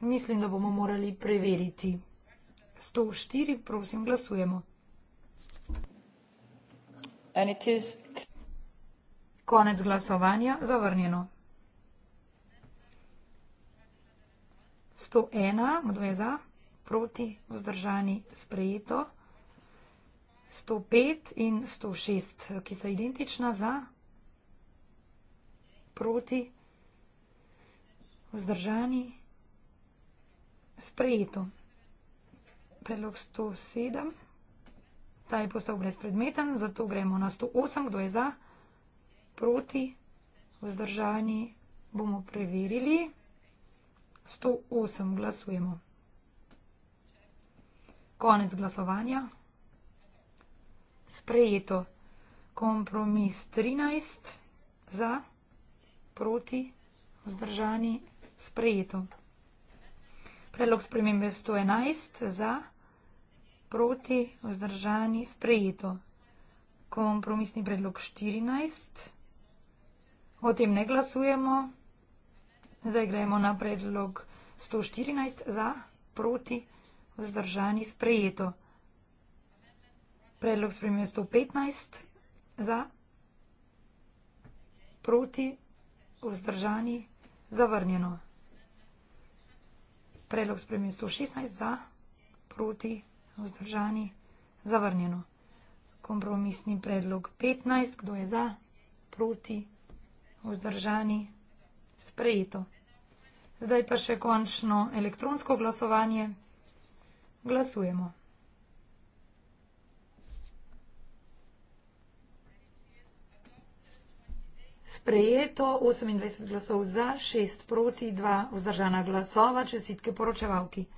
Mislim, da bomo morali preveriti. 104, prosim, glasujemo konec glasovanja zavrnjeno sto ena kdo je za proti vzdržani sprejeto sto pet in sto šest ki sta identična za proti vzdržani sprejeto predlog sto sedem Ta je postal brezpredmeten, zato gremo na 108, kdo je za, proti, vzdržani, bomo preverili. 108 glasujemo. Konec glasovanja. Sprejeto. Kompromis 13 za, proti, vzdržani, sprejeto. Predlog spremembe 111 za proti, vzdržani, sprejeto. Kompromisni predlog 14. O tem ne glasujemo. Zdaj gremo na predlog 114 za, proti, vzdržani, sprejeto. Predlog spremembe 115 za, proti, vzdržani, zavrnjeno. Predlog spremembe 116 za, proti, vzdržani vzdržani, zavrnjeno. Kompromisni predlog 15, kdo je za, proti, vzdržani, sprejeto. Zdaj pa še končno elektronsko glasovanje. Glasujemo. Sprejeto 28 glasov za, 6 proti, 2 vzdržana glasova, čestitke poročevalki.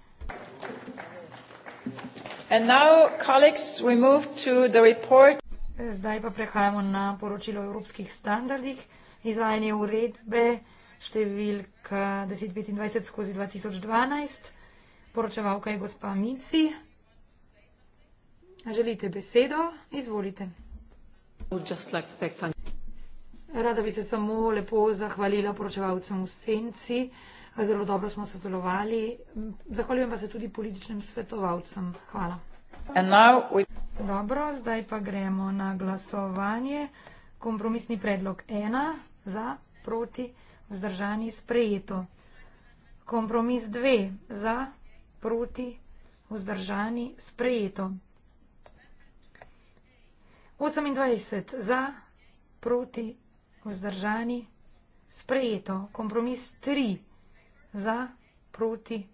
And now, colleagues, we move to the report. Zdaj pa prehajamo na poročilo o evropskih standardih. Izvajanje uredbe številka 1025 skozi 2012. Poročevalka je gospa Mici. Želite besedo? Izvolite. Rada bi se samo lepo zahvalila poročevalcem v senci zelo dobro smo sodelovali. Zahvaljujem pa se tudi političnim svetovalcem. Hvala. We... Dobro, zdaj pa gremo na glasovanje. Kompromisni predlog ena za, proti, vzdržani, sprejeto. Kompromis dve za, proti, vzdržani, sprejeto. 28 za, proti, vzdržani, sprejeto. Kompromis tri za, proti,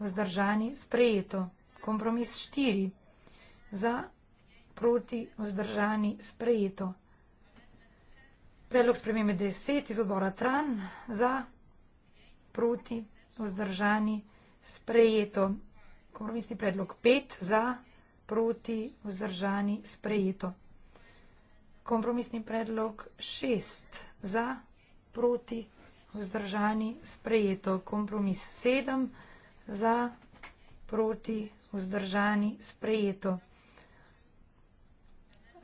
vzdržani, sprejeto. Kompromis štiri. Za, proti, vzdržani, sprejeto. Predlog spremembe deset iz odbora Tran. Za, proti, vzdržani, sprejeto. Kompromisni predlog pet. Za, proti, vzdržani, sprejeto. Kompromisni predlog šest. Za, proti, vzdržani, sprejeto vzdržani, sprejeto. Kompromis sedem za, proti, vzdržani, sprejeto.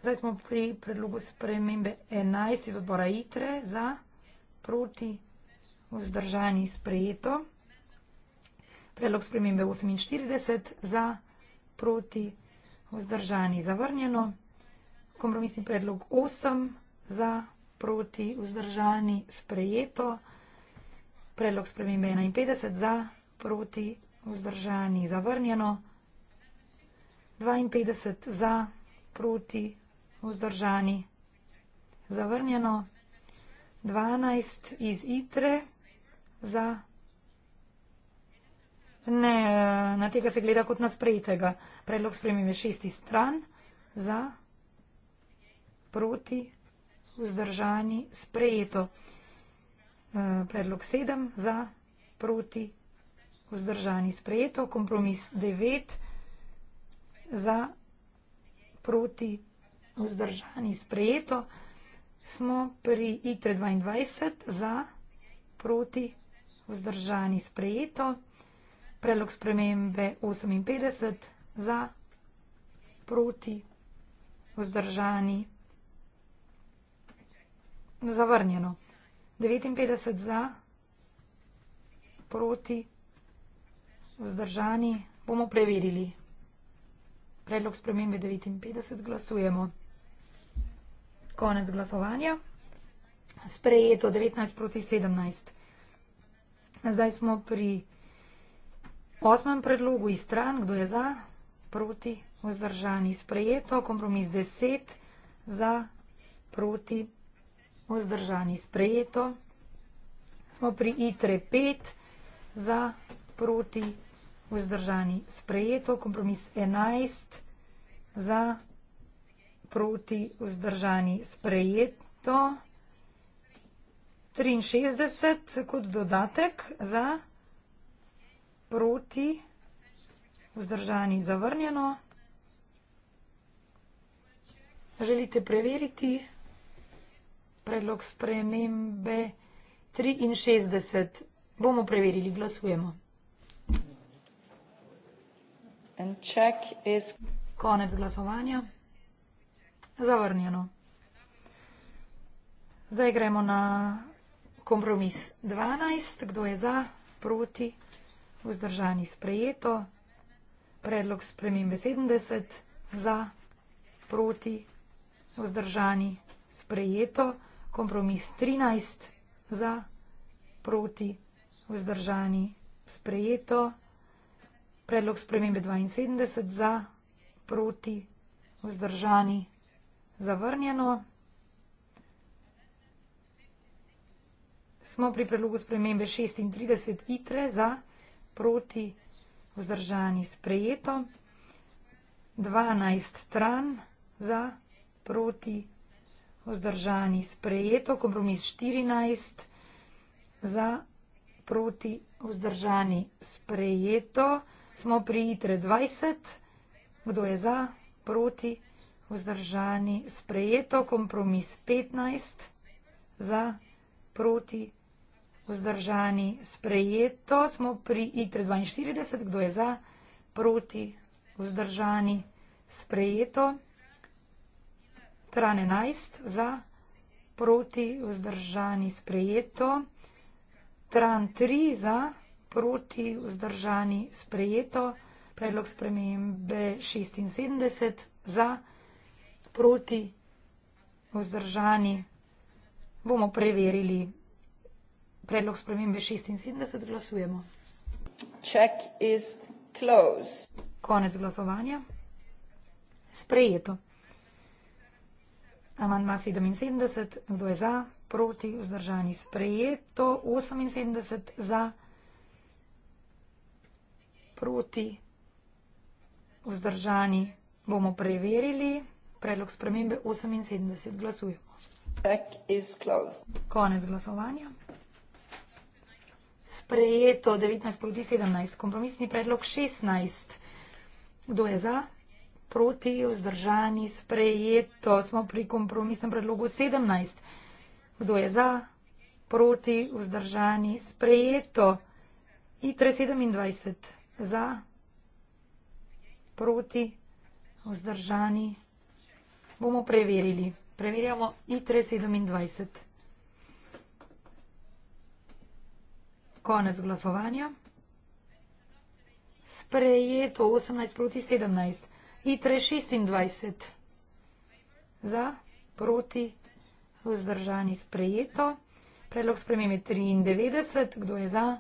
Zdaj smo pri predlogu spremembe 11 iz odbora ITRE za, proti, vzdržani, sprejeto. Predlog spremembe 48 za, proti, vzdržani, zavrnjeno. Kompromisni predlog 8 za, proti, vzdržani, sprejeto predlog spremembe 51 za, proti, vzdržani, zavrnjeno. 52 za, proti, vzdržani, zavrnjeno. 12 iz ITRE za, ne, na tega se gleda kot nasprejtega. Predlog spremembe 6 iz stran za, proti, vzdržani, sprejeto. Eh, predlog sedem za, proti, vzdržani sprejeto, kompromis devet za, proti, vzdržani sprejeto. Smo pri ITRE 22 za, proti, vzdržani sprejeto. Predlog spremembe 58 za, proti, vzdržani zavrnjeno. 59 za, proti, vzdržani. Bomo preverili. Predlog spremembe 59 glasujemo. Konec glasovanja. Sprejeto 19 proti 17. Zdaj smo pri osmem predlogu iz stran, kdo je za, proti, vzdržani. Sprejeto, kompromis 10 za, proti, vzdržani vzdržani sprejeto. Smo pri ITRE 5 za proti vzdržani sprejeto, kompromis 11 za proti vzdržani sprejeto, 63 kot dodatek za proti vzdržani zavrnjeno. Želite preveriti? predlog spremembe 63. Bomo preverili, glasujemo. Is... Konec glasovanja. Zavrnjeno. Zdaj gremo na kompromis 12. Kdo je za, proti, vzdržani sprejeto. Predlog spremembe 70. Za, proti, vzdržani sprejeto kompromis 13 za, proti, vzdržani, sprejeto, predlog spremembe 72 za, proti, vzdržani, zavrnjeno. Smo pri predlogu spremembe 36 itre za, proti, vzdržani, sprejeto, 12 stran za, proti, vzdržani, vzdržani, sprejeto, kompromis 14, za, proti, vzdržani, sprejeto, smo pri itre 20, kdo je za, proti, vzdržani, sprejeto, kompromis 15, za, proti, vzdržani, sprejeto, smo pri itre 42, kdo je za, proti, vzdržani, sprejeto, sprejeto, Tran 11 za, proti, vzdržani, sprejeto. Tran 3 za, proti, vzdržani, sprejeto. Predlog spremembe 76 za, proti, vzdržani. Bomo preverili predlog spremembe 76. Glasujemo. Check is close. Konec glasovanja. Sprejeto. Amandma 77, kdo je za, proti, vzdržani, sprejeto, 78 za, proti, vzdržani, bomo preverili. Predlog spremembe 78 glasujemo. Konec glasovanja. Sprejeto 19 proti 17. Kompromisni predlog 16. Kdo je za? proti, vzdržani, sprejeto. Smo pri kompromisnem predlogu 17. Kdo je za, proti, vzdržani, sprejeto. ITRE 27. Za, proti, vzdržani. Bomo preverili. Preverjamo ITRE 27. Konec glasovanja. Sprejeto 18 proti 17. Hitre 26. Za, proti, vzdržani sprejeto. Predlog spremembe 93. Kdo je za?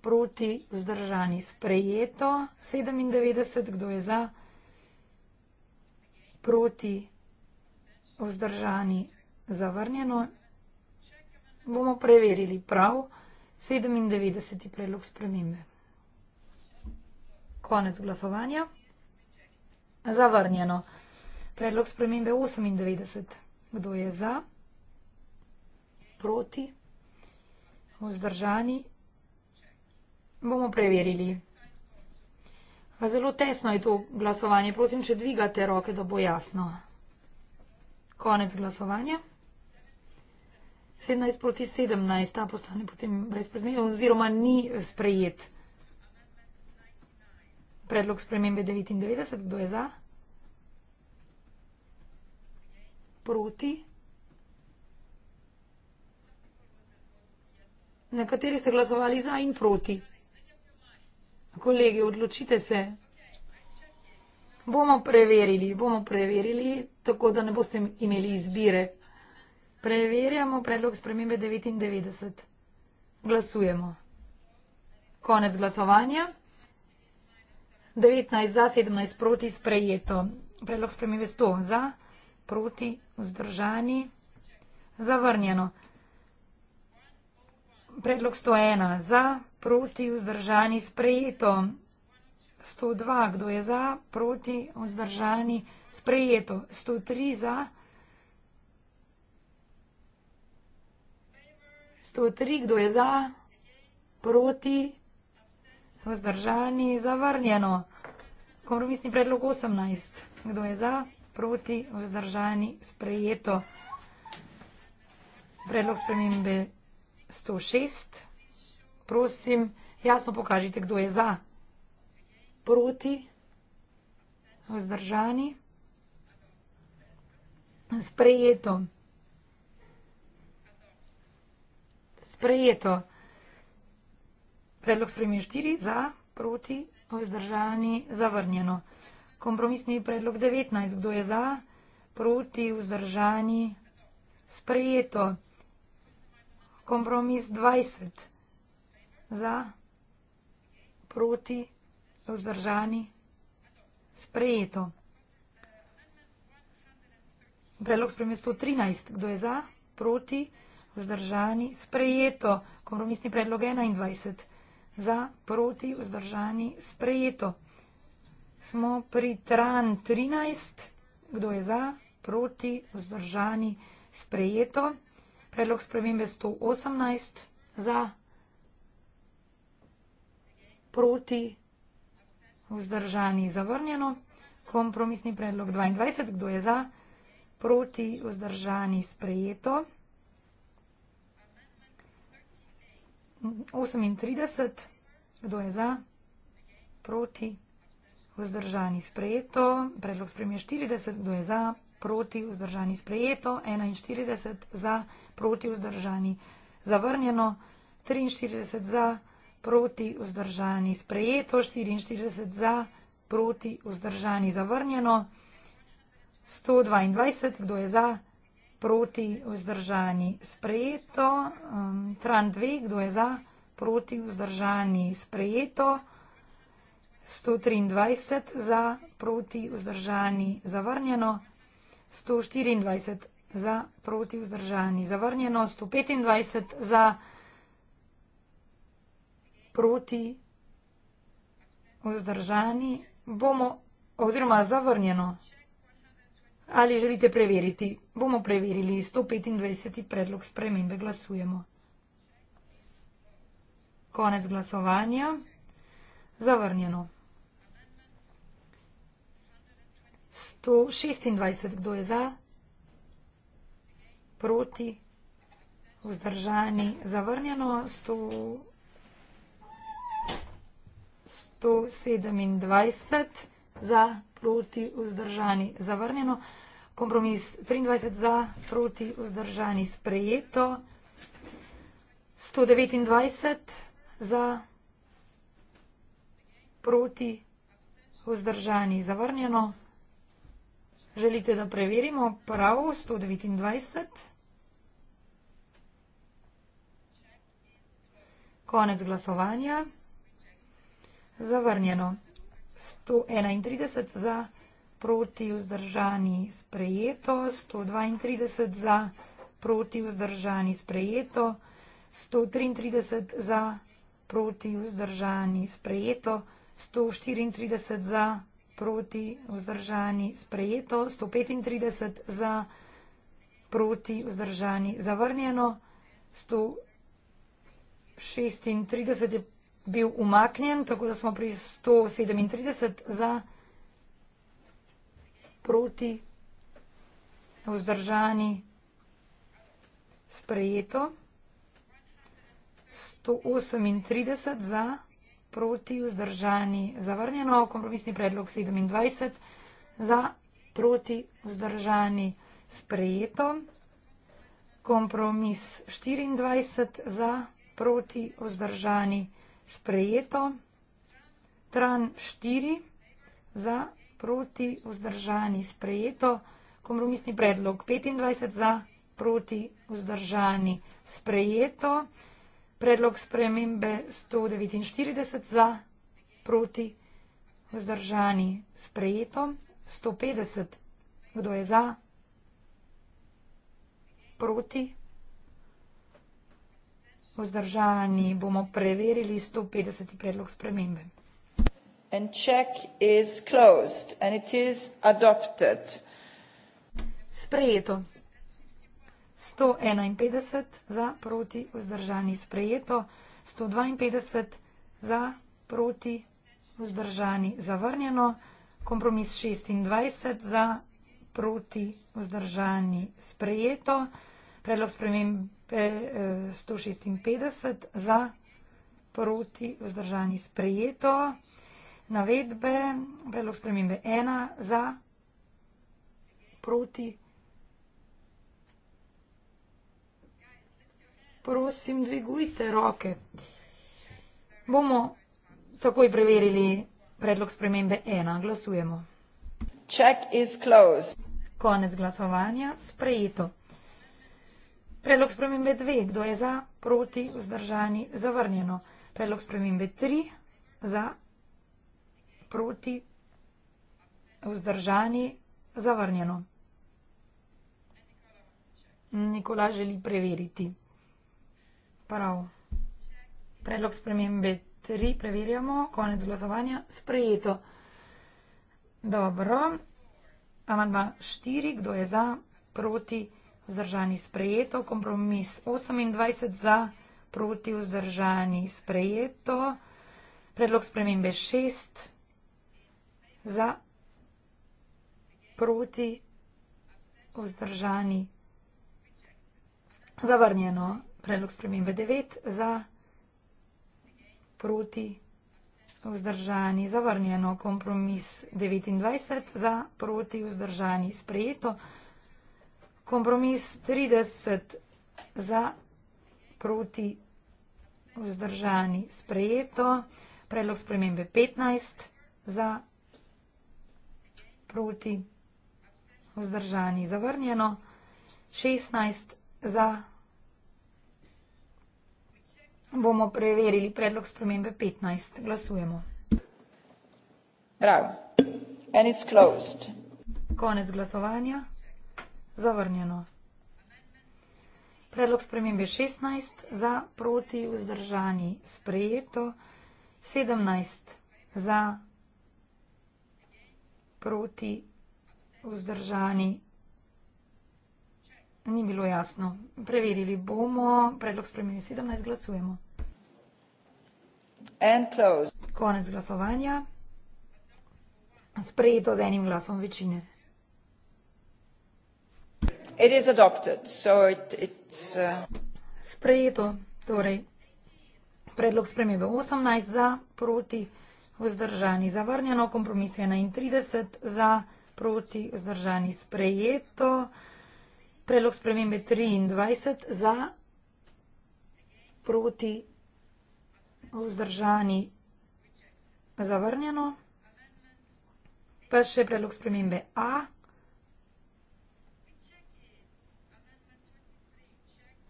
Proti, vzdržani sprejeto. 97. Kdo je za? Proti, vzdržani zavrnjeno. Bomo preverili prav. 97. predlog spremembe. Konec glasovanja. Zavrnjeno. Predlog spremembe 98. Kdo je za? Proti? Vzdržani? Bomo preverili. Zelo tesno je to glasovanje. Prosim, če dvigate roke, da bo jasno. Konec glasovanja. 17 proti 17. Ta postane potem brezpredmetno oziroma ni sprejet predlog spremembe 99, kdo je za? Proti? Nekateri ste glasovali za in proti. Kolegi, odločite se. Bomo preverili, bomo preverili, tako da ne boste imeli izbire. Preverjamo predlog spremembe 99. Glasujemo. Konec glasovanja. 19 za, 17 proti sprejeto. Predlog spremembe 100 za, proti, vzdržani, zavrnjeno. Predlog 101 za, proti, vzdržani, sprejeto. 102, kdo je za, proti, vzdržani, sprejeto. 103 za, 103, kdo je za, proti, vzdržani, sprejeto. Vzdržani zavrnjeno. Kompromisni predlog 18. Kdo je za? Proti vzdržani sprejeto. Predlog spremembe 106. Prosim, jasno pokažite, kdo je za. Proti vzdržani sprejeto. Sprejeto. Predlog spremenj štiri za, proti, vzdržani, zavrnjeno. Kompromisni predlog 19. Kdo je za, proti, vzdržani, sprejeto. Kompromis 20. Za, proti, vzdržani, sprejeto. Predlog spremenj 113. Kdo je za, proti, vzdržani, sprejeto. Kompromisni predlog 21 za proti vzdržani sprejeto. Smo pri tran 13. Kdo je za proti vzdržani sprejeto? Predlog spremembe 118 za proti vzdržani zavrnjeno. Kompromisni predlog 22. Kdo je za proti vzdržani sprejeto? 38, kdo je za, proti, vzdržani sprejeto, predlog spremlja 40, kdo je za, proti, vzdržani sprejeto, 41 za, proti, vzdržani zavrnjeno, 43 za, proti, vzdržani sprejeto, 44 za, proti, vzdržani zavrnjeno, 122, kdo je za, proti vzdržani sprejeto, um, tran dve, kdo je za, proti vzdržani sprejeto, 123 za, proti vzdržani zavrnjeno, 124 za, proti vzdržani zavrnjeno, 125 za, proti vzdržani bomo oziroma zavrnjeno. Ali želite preveriti? Bomo preverili 125. predlog spremembe. Glasujemo. Konec glasovanja. Zavrnjeno. 126. Kdo je za? Proti? Vzdržani? Zavrnjeno. 127. Za? proti, vzdržani, zavrnjeno. Kompromis 23 za, proti, vzdržani, sprejeto. 129 za, proti, vzdržani, zavrnjeno. Želite, da preverimo prav 129? Konec glasovanja. Zavrnjeno. 131 za, proti vzdržani sprejeto, 132 za, proti vzdržani sprejeto, 133 za, proti vzdržani sprejeto, 134 za, proti vzdržani sprejeto, 135 za, proti vzdržani zavrnjeno, 136 je proti vzdržani sprejeto, bil umaknjen, tako da smo pri 137 za, proti, vzdržani, sprejeto. 138 za, proti, vzdržani, zavrnjeno. Kompromisni predlog 27 za, proti, vzdržani, sprejeto. Kompromis 24 za, proti, vzdržani, sprejeto sprejeto. Tran 4 za, proti vzdržani sprejeto. Kompromisni predlog 25 za, proti vzdržani sprejeto. Predlog spremembe 149 za, proti vzdržani sprejeto. 150, kdo je za, proti vzdržani sprejeto vzdržani bomo preverili 150 predlog spremembe. And check is closed and it is adopted. Sprejeto. 151 za proti vzdržani sprejeto, 152 za proti vzdržani zavrnjeno, kompromis 26 za proti vzdržani sprejeto. Predlog spremembe 156 eh, za proti vzdržani sprejeto. Navedbe, predlog spremembe 1 za proti. Prosim, dvigujte roke. Bomo takoj preverili predlog spremembe 1. Glasujemo. Check is closed. Konec glasovanja. Sprejeto. Predlog spremembe 2. Kdo je za, proti, vzdržani, zavrnjeno? Predlog spremembe 3. Za, proti, vzdržani, zavrnjeno. Nikola želi preveriti. Prav. Predlog spremembe 3. Preverjamo. Konec glasovanja. Sprejeto. Dobro. Amandma 4. Kdo je za, proti, vzdržani? vzdržani sprejeto, kompromis 28 za, proti vzdržani sprejeto, predlog spremembe 6 za, proti vzdržani zavrnjeno, predlog spremembe 9 za, proti vzdržani zavrnjeno, kompromis 29 za, proti vzdržani sprejeto, kompromis 30 za proti vzdržani sprejeto, predlog spremembe 15 za proti vzdržani zavrnjeno, 16 za bomo preverili predlog spremembe 15. Glasujemo. Bravo. And it's closed. Konec glasovanja zavrnjeno. Predlog spremembe 16 za proti vzdržani sprejeto, 17 za proti vzdržani ni bilo jasno. Preverili bomo, predlog spremembe 17 glasujemo. Konec glasovanja. Sprejeto z enim glasom večine. Uh, sprejeto, torej predlog spremembe 18 za, proti, vzdržani, zavrnjeno, kompromis 31 za, proti, vzdržani, sprejeto, predlog spremembe 23 za, proti, vzdržani, zavrnjeno, pa še predlog spremembe A.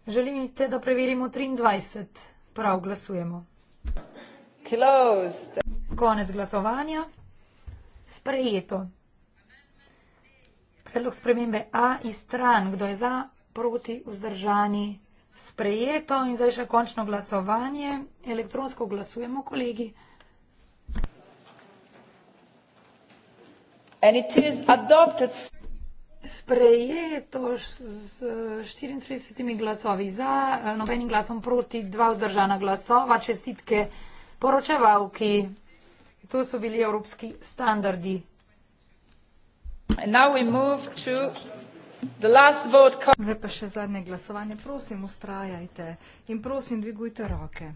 Želimite, da preverimo 23. Prav glasujemo. Closed. Konec glasovanja. Sprejeto. Predlog spremembe A iz stran. Kdo je za, proti, vzdržani? Sprejeto in zdaj še končno glasovanje. Elektronsko glasujemo, kolegi. And it is adopted sprejeto s 34 glasovi za, eh, nobenim glasom proti, dva vzdržana glasova, čestitke poročevalki. To so bili evropski standardi. Zdaj pa še zadnje glasovanje. Prosim, ustrajajte in prosim, dvigujte roke.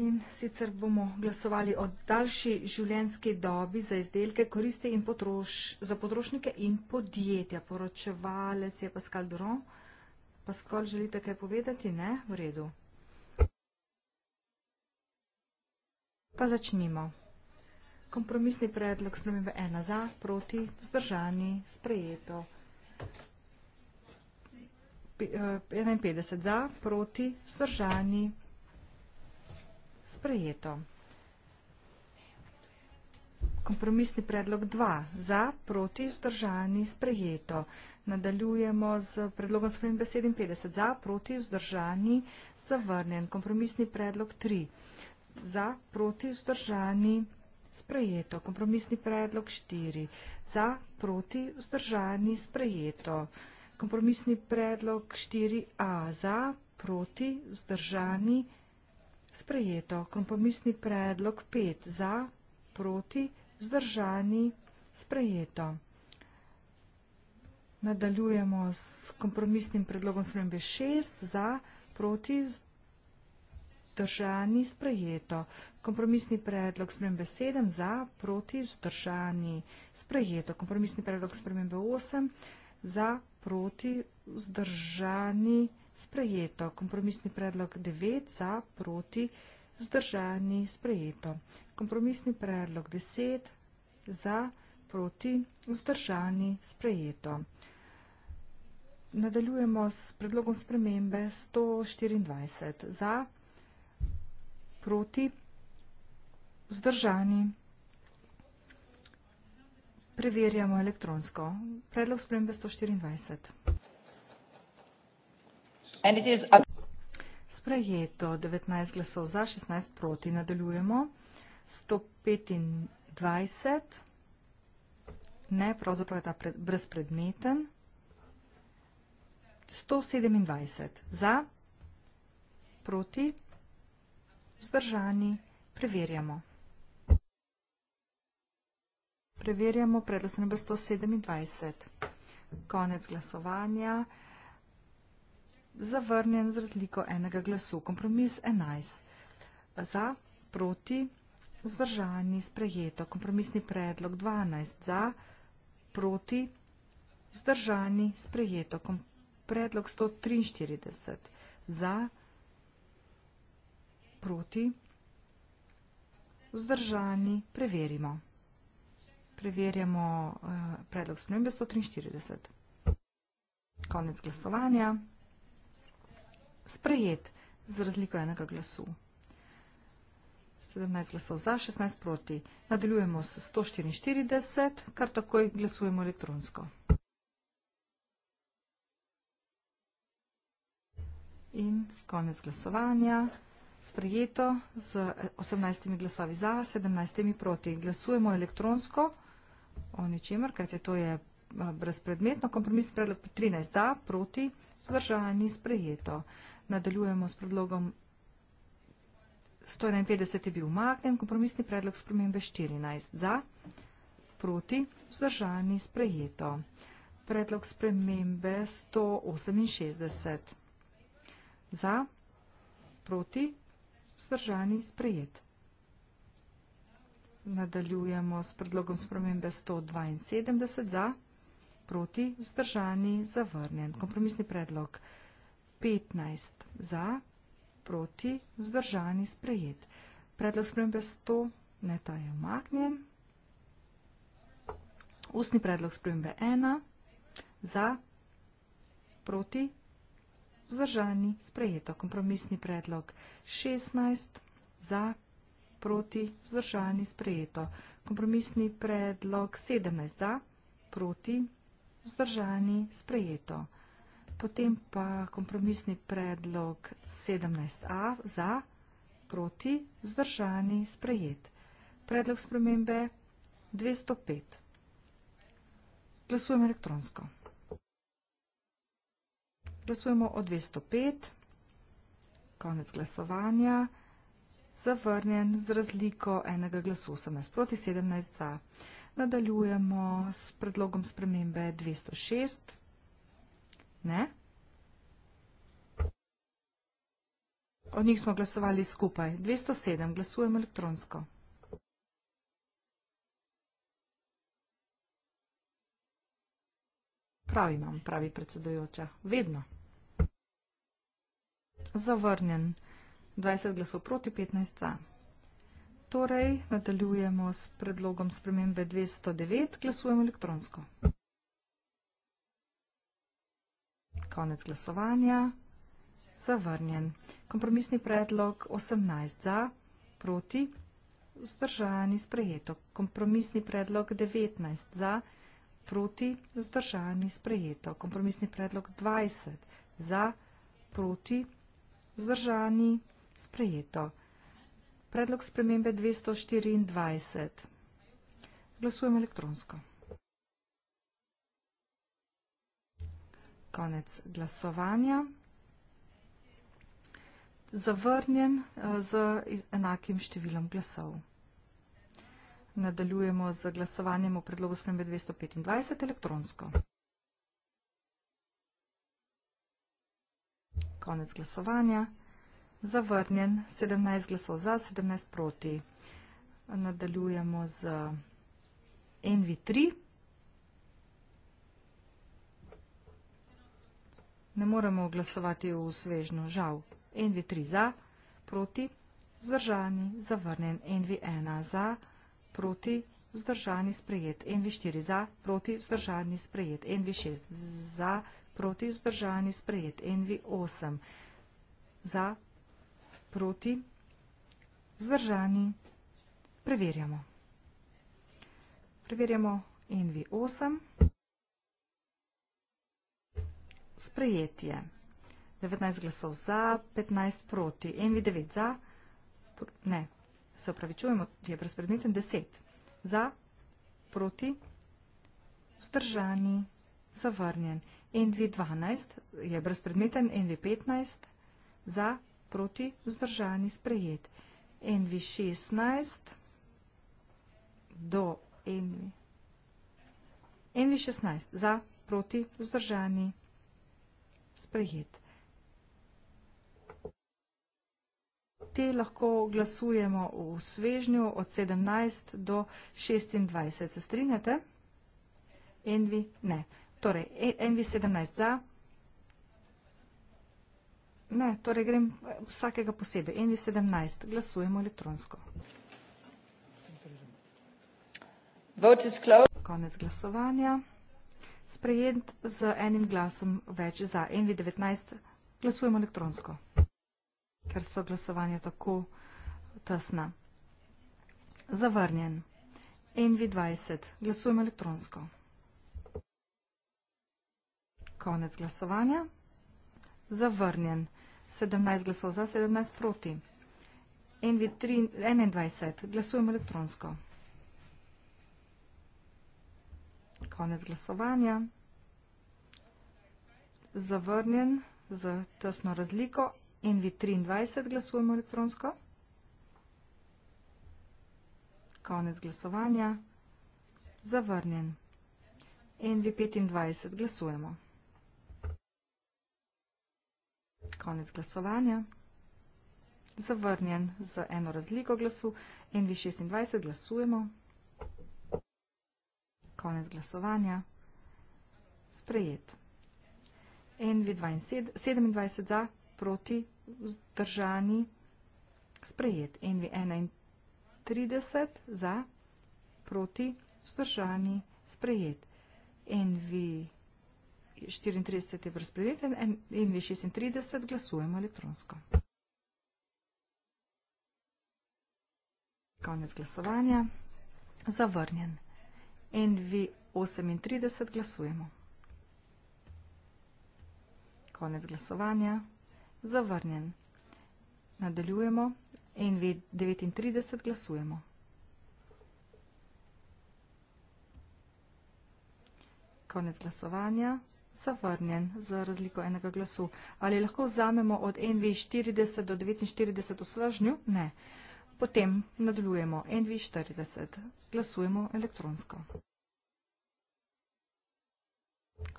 In sicer bomo glasovali o daljši življenski dobi za izdelke, koristi in potroš, za potrošnike in podjetja. Poročevalec je Pascal Duron. Pascal, želite kaj povedati? Ne? V redu. Pa začnimo. Kompromisni predlog spremembe ena za, proti, vzdržani, sprejeto. 51 eh, za, proti, vzdržani, sprejeto sprejeto. Kompromisni predlog 2. Za, proti, vzdržani, sprejeto. Nadaljujemo z predlogom spremembe 57. Za, proti, vzdržani, zavrnjen. Kompromisni predlog 3. Za, proti, vzdržani, sprejeto. Kompromisni predlog 4. Za, proti, vzdržani, sprejeto. Kompromisni predlog 4a. Za, proti, vzdržani, sprejeto sprejeto. Kompromisni predlog 5 za, proti, zdržani, sprejeto. Nadaljujemo s kompromisnim predlogom spremembe 6 za, proti, zdržani, sprejeto. Kompromisni predlog spremembe 7 za, proti, zdržani, sprejeto. Kompromisni predlog spremembe 8 za, proti, zdržani, sprejeto sprejeto. Kompromisni predlog 9 za, proti, vzdržani, sprejeto. Kompromisni predlog 10 za, proti, vzdržani, sprejeto. Nadaljujemo s predlogom spremembe 124 za, proti, vzdržani. Preverjamo elektronsko. Predlog spremembe 124. Sprejeto 19 glasov za, 16 proti. Nadaljujemo. 125. Ne, pravzaprav je ta pred, brezpredmeten. 127 za, proti, vzdržani, preverjamo. Preverjamo predlasno brez 127. Konec glasovanja zavrnjen z razliko enega glasu. Kompromis 11. Za, proti, vzdržani, sprejeto. Kompromisni predlog 12. Za, proti, vzdržani, sprejeto. Kom predlog 143. Za, proti, vzdržani, preverimo. Preverjamo eh, predlog spremembe 143. Konec glasovanja sprejet z razliko enega glasu. 17 glasov za, 16 proti. Nadaljujemo s 144, kar takoj glasujemo elektronsko. In konec glasovanja. Sprejeto z 18 eh, glasovi za, 17 proti. Glasujemo elektronsko o ničemer, kajte to je brezpredmetno, kompromis predlog 13 za, proti, zdržani, sprejeto. Nadaljujemo s predlogom 151 je bil umaknen, kompromisni predlog spremembe 14 za, proti, zdržani, sprejeto. Predlog spremembe 168 za, proti, zdržani, sprejet. Nadaljujemo s predlogom spremembe 172 za, proti, zdržani, sprejeto proti, vzdržani, zavrnjen. Kompromisni predlog 15 za, proti, vzdržani, sprejet. Predlog spremembe 100, ne ta je omaknjen. Ustni predlog spremembe 1 za, proti, vzdržani, sprejeto. Kompromisni predlog 16 za, proti, vzdržani, sprejeto. Kompromisni predlog 17 za, proti, vzdržani, sprejeto vzdržani, sprejeto. Potem pa kompromisni predlog 17a za, proti, vzdržani, sprejet. Predlog spremembe 205. Glasujemo elektronsko. Glasujemo o 205. Konec glasovanja. Zavrnjen z razliko enega glasu 18 proti 17 za. Nadaljujemo s predlogom spremembe 206. Ne? O njih smo glasovali skupaj. 207. Glasujemo elektronsko. Pravi imam, pravi predsedojoča. Vedno. Zavrnjen. 20 glasov proti 15 stran torej nadaljujemo s predlogom spremembe 209, glasujemo elektronsko. Konec glasovanja, zavrnjen. Kompromisni predlog 18 za, proti, vzdržani sprejeto. Kompromisni predlog 19 za, proti, vzdržani sprejeto. Kompromisni predlog 20 za, proti, vzdržani sprejeto. Kompromisni predlog 20 za, proti, vzdržani sprejeto. Predlog spremembe 224. Glasujemo elektronsko. Konec glasovanja. Zavrnjen eh, z enakim številom glasov. Nadaljujemo z glasovanjem o predlogu spremembe 225 elektronsko. Konec glasovanja zavrnjen, 17 glasov za, 17 proti. Nadaljujemo z NV3. Ne moremo glasovati v svežno, žal. NV3 za, proti, zdržani, zavrnjen. NV1 za, proti, vzdržani, sprejet. NV4 za, proti, vzdržani, sprejet. NV6 za, proti, vzdržani, sprejet. NV8 za, proti, vzdržani, preverjamo. Preverjamo NV8, sprejetje, 19 glasov za, 15 proti, NV9 za, ne, se upravičujemo, je brezpredmeten 10, za, proti, vzdržani, zavrnjen. NV12 je brezpredmeten, NV15 za, proti, proti vzdržani sprejet. NV16 do NV. NV16 za proti vzdržani sprejet. Te lahko glasujemo v svežnju od 17 do 26. Se strinjate? NV ne. Torej, e, NV17 za proti vzdržani sprejet. Ne, torej grem eh, vsakega posebej. Eni 17. Glasujemo elektronsko. Vote is closed. Konec glasovanja. Sprejent z enim glasom več za. Envi 19. Glasujemo elektronsko, ker so glasovanja tako tesna. Zavrnjen. Envi 20. Glasujemo elektronsko. Konec glasovanja. Zavrnjen. 17 glasov za, 17 proti. NV 21. Glasujem elektronsko. Konec glasovanja. Zavrnjen z tesno razliko. NV 23. Glasujemo elektronsko. Konec glasovanja. Zavrnjen. NV 25. Glasujemo. konec glasovanja. Zavrnjen z eno razliko glasu. NV26 glasujemo. Konec glasovanja. Sprejet. NV27 za proti držani. Sprejet. NV31 za proti držani. Sprejet. NV 34 je v razpredelitve in 36 glasujemo elektronsko. Konec glasovanja. Zavrnjen. In vi 38 glasujemo. Konec glasovanja. Zavrnjen. Nadaljujemo. In vi 39 glasujemo. Konec glasovanja. Zavrnjen zavrnjen z razliko enega glasu. Ali lahko vzamemo od NV40 do 49 v svežnju? Ne. Potem nadaljujemo NV40. Glasujemo elektronsko.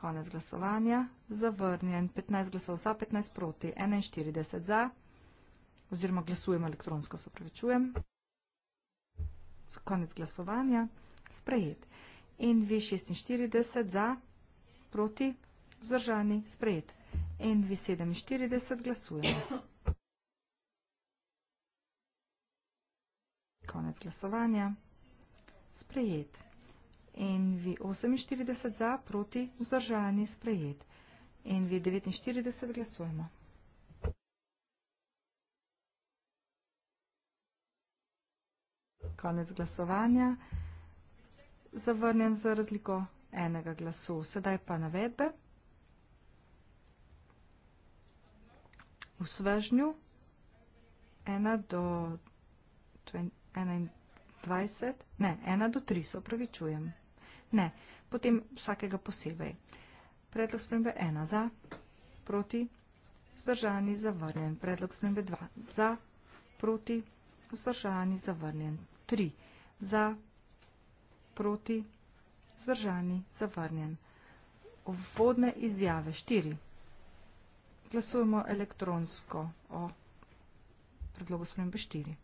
Konec glasovanja. Zavrnjen. 15 glasov za, 15 proti. 41 za. Oziroma glasujemo elektronsko, se pravičujem. Konec glasovanja. Sprejet. NV46 za, proti vzdržani, sprejet. Envi 47 glasujemo. Konec glasovanja. Sprejet. Envi 48 za, proti, vzdržani, sprejet. Envi 49 glasujemo. Konec glasovanja. Zavrnjen za razliko enega glasu. Sedaj pa navedbe. v svežnju 1 do 21, ne, 1 do 3 se opravičujem. Ne, potem vsakega posebej. Predlog spremembe 1 za, proti, zdržani, zavrnjen. Predlog spremembe 2 za, proti, zdržani, zavrnjen. 3 za, proti, zdržani, zavrnjen. Vodne izjave 4. Glasujemo elektronsko o predlogu spremembe 4.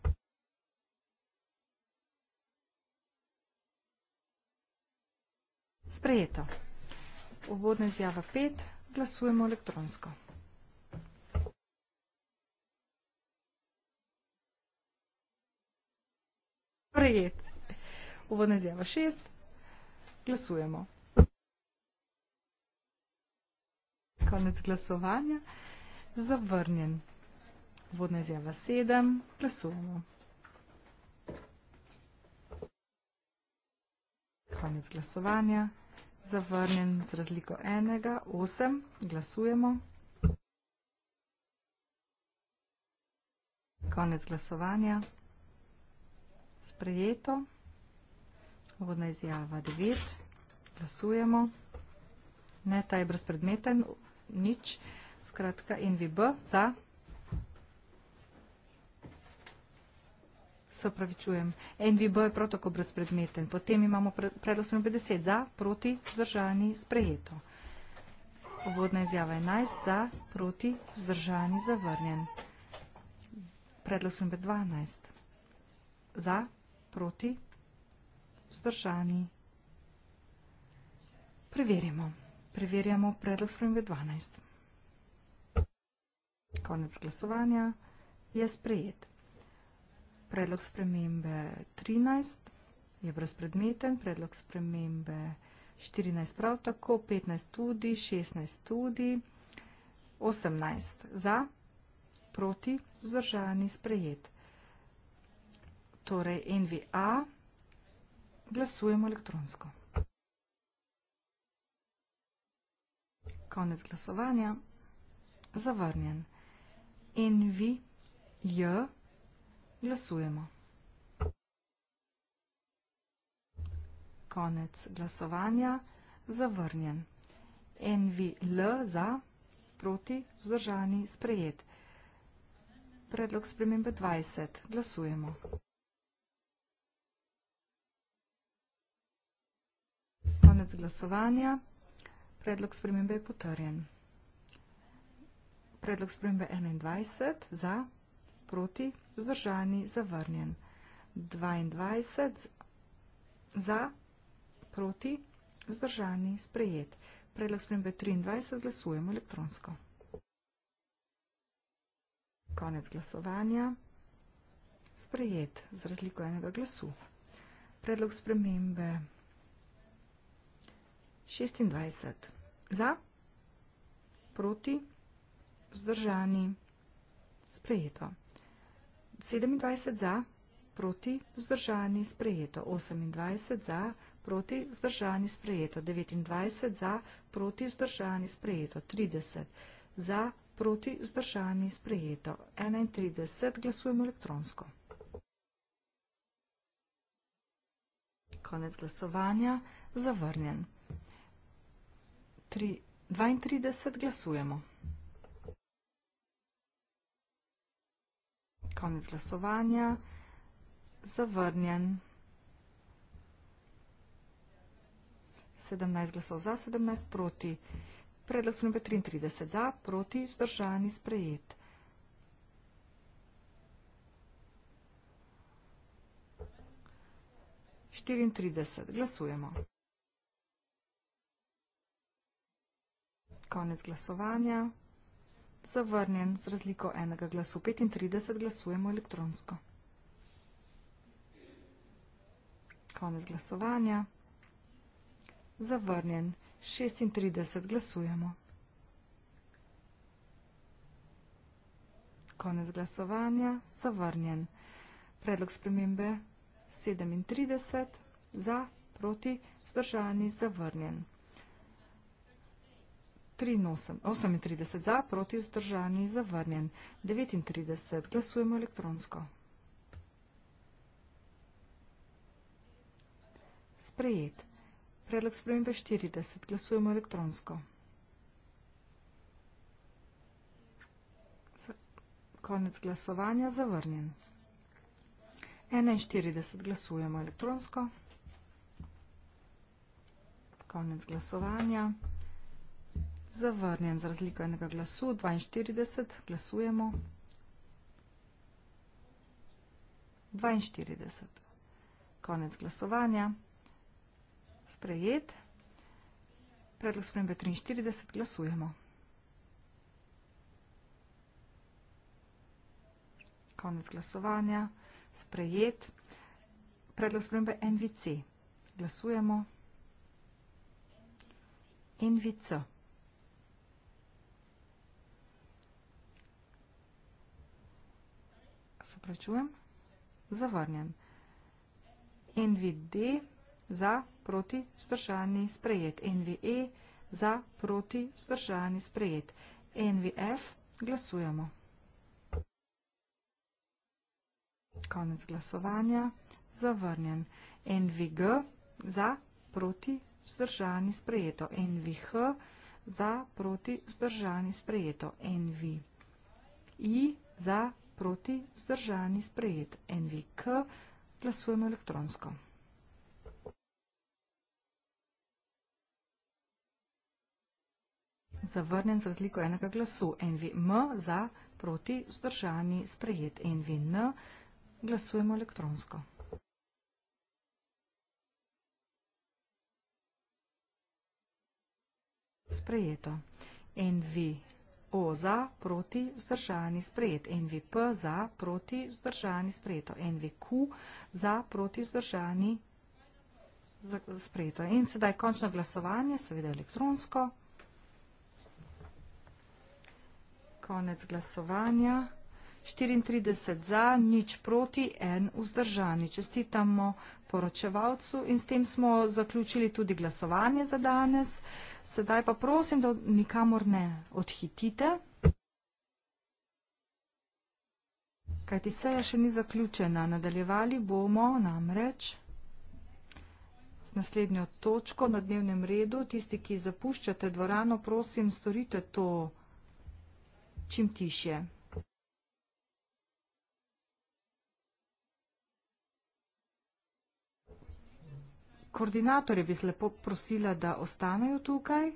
Sprejeto. Uvodna izjava 5. Glasujemo elektronsko. Sprejeto. Uvodna izjava 6. Glasujemo. konec glasovanja. Zavrnjen. Vodna izjava 7. Glasujemo. Konec glasovanja. Zavrnjen z razliko 1. 8. Glasujemo. Konec glasovanja. Sprejeto. Vodna izjava 9. Glasujemo. Ne, ta je brezpredmeten nič, skratka NVB za. Se pravi, čujem. NVB je prav tako brezpredmeten. Potem imamo predlog 50 za, proti, vzdržani, sprejeto. Uvodna izjava 11 za, proti, vzdržani, zavrnjen. Predlog 12 za, proti, vzdržani. Preverimo preverjamo predlog spremembe 12. Konec glasovanja je sprejet. Predlog spremembe 13 je brezpredmeten, predlog spremembe 14 prav tako, 15 tudi, 16 tudi, 18 za, proti, vzdržani, sprejet. Torej, NVA glasujemo elektronsko. konec glasovanja, zavrnjen. In vi, j, glasujemo. Konec glasovanja, zavrnjen. In vi, l, za, proti, vzdržani, sprejet. Predlog spremembe 20. Glasujemo. Konec glasovanja. Predlog spremembe je potrjen. Predlog spremembe 21 za, proti, vzdržani, zavrnjen. 22 za, proti, vzdržani, sprejet. Predlog spremembe 23 glasujemo elektronsko. Konec glasovanja. Sprejet z razliko enega glasu. Predlog spremembe 26. 26. Za, proti, vzdržani, sprejeto. 27 za, proti, vzdržani, sprejeto. 28 za, proti, vzdržani, sprejeto. 29 za, proti, vzdržani, sprejeto. 30 za, proti, vzdržani, sprejeto. 31 glasujemo elektronsko. Konec glasovanja, zavrnjen tri, 32 glasujemo. Konec glasovanja. Zavrnjen. 17 glasov za, 17 proti. Predlog spremembe 33 za, proti, vzdržani, sprejet. Štiriintrideset. Glasujemo. Konec glasovanja. Zavrnjen z razliko enega glasu. 35 glasujemo elektronsko. Konec glasovanja. Zavrnjen. 36 glasujemo. Konec glasovanja. Zavrnjen. Predlog spremembe 37. Za, proti, zdržani, zavrnjen. 38 za, proti vzdržani, zavrnjen. 39. Glasujemo elektronsko. Sprejet. Predlog spremembe 40. Glasujemo elektronsko. Konec glasovanja, zavrnjen. 41. Glasujemo elektronsko. Konec glasovanja zavrnjen z razliko enega glasu, 42, glasujemo. 42, konec glasovanja, sprejet, predlog spremembe 43, glasujemo. Konec glasovanja, sprejet, predlog spremembe NVC, glasujemo. NVC. NVC. opravičujem, zavrnjen. NVD za proti vzdržani sprejet. NVE za proti vzdržani sprejet. NVF glasujemo. Konec glasovanja, zavrnjen. NVG za proti vzdržani sprejeto. NVH za proti vzdržani sprejeto. NVI za proti vzdržani sprejeto proti, vzdržani, sprejet. NVK, glasujemo elektronsko. Zavrnjen z razliko enega glasu. NVM, za, proti, vzdržani, sprejet. NVN, glasujemo elektronsko. Sprejeto. NVN. O za, proti, zdržani, sprejet. NVP za, proti, zdržani, sprejeto. NVQ za, proti, zdržani, sprejeto. In sedaj končno glasovanje, seveda elektronsko. Konec glasovanja. 34 za, nič proti, en vzdržani. Čestitamo poročevalcu in s tem smo zaključili tudi glasovanje za danes. Sedaj pa prosim, da nikamor ne odhitite. Kaj ti seja še ni zaključena, nadaljevali bomo namreč s naslednjo točko na dnevnem redu. Tisti, ki zapuščate dvorano, prosim, storite to čim tišje. koordinatorje bi lepo prosila, da ostanejo tukaj.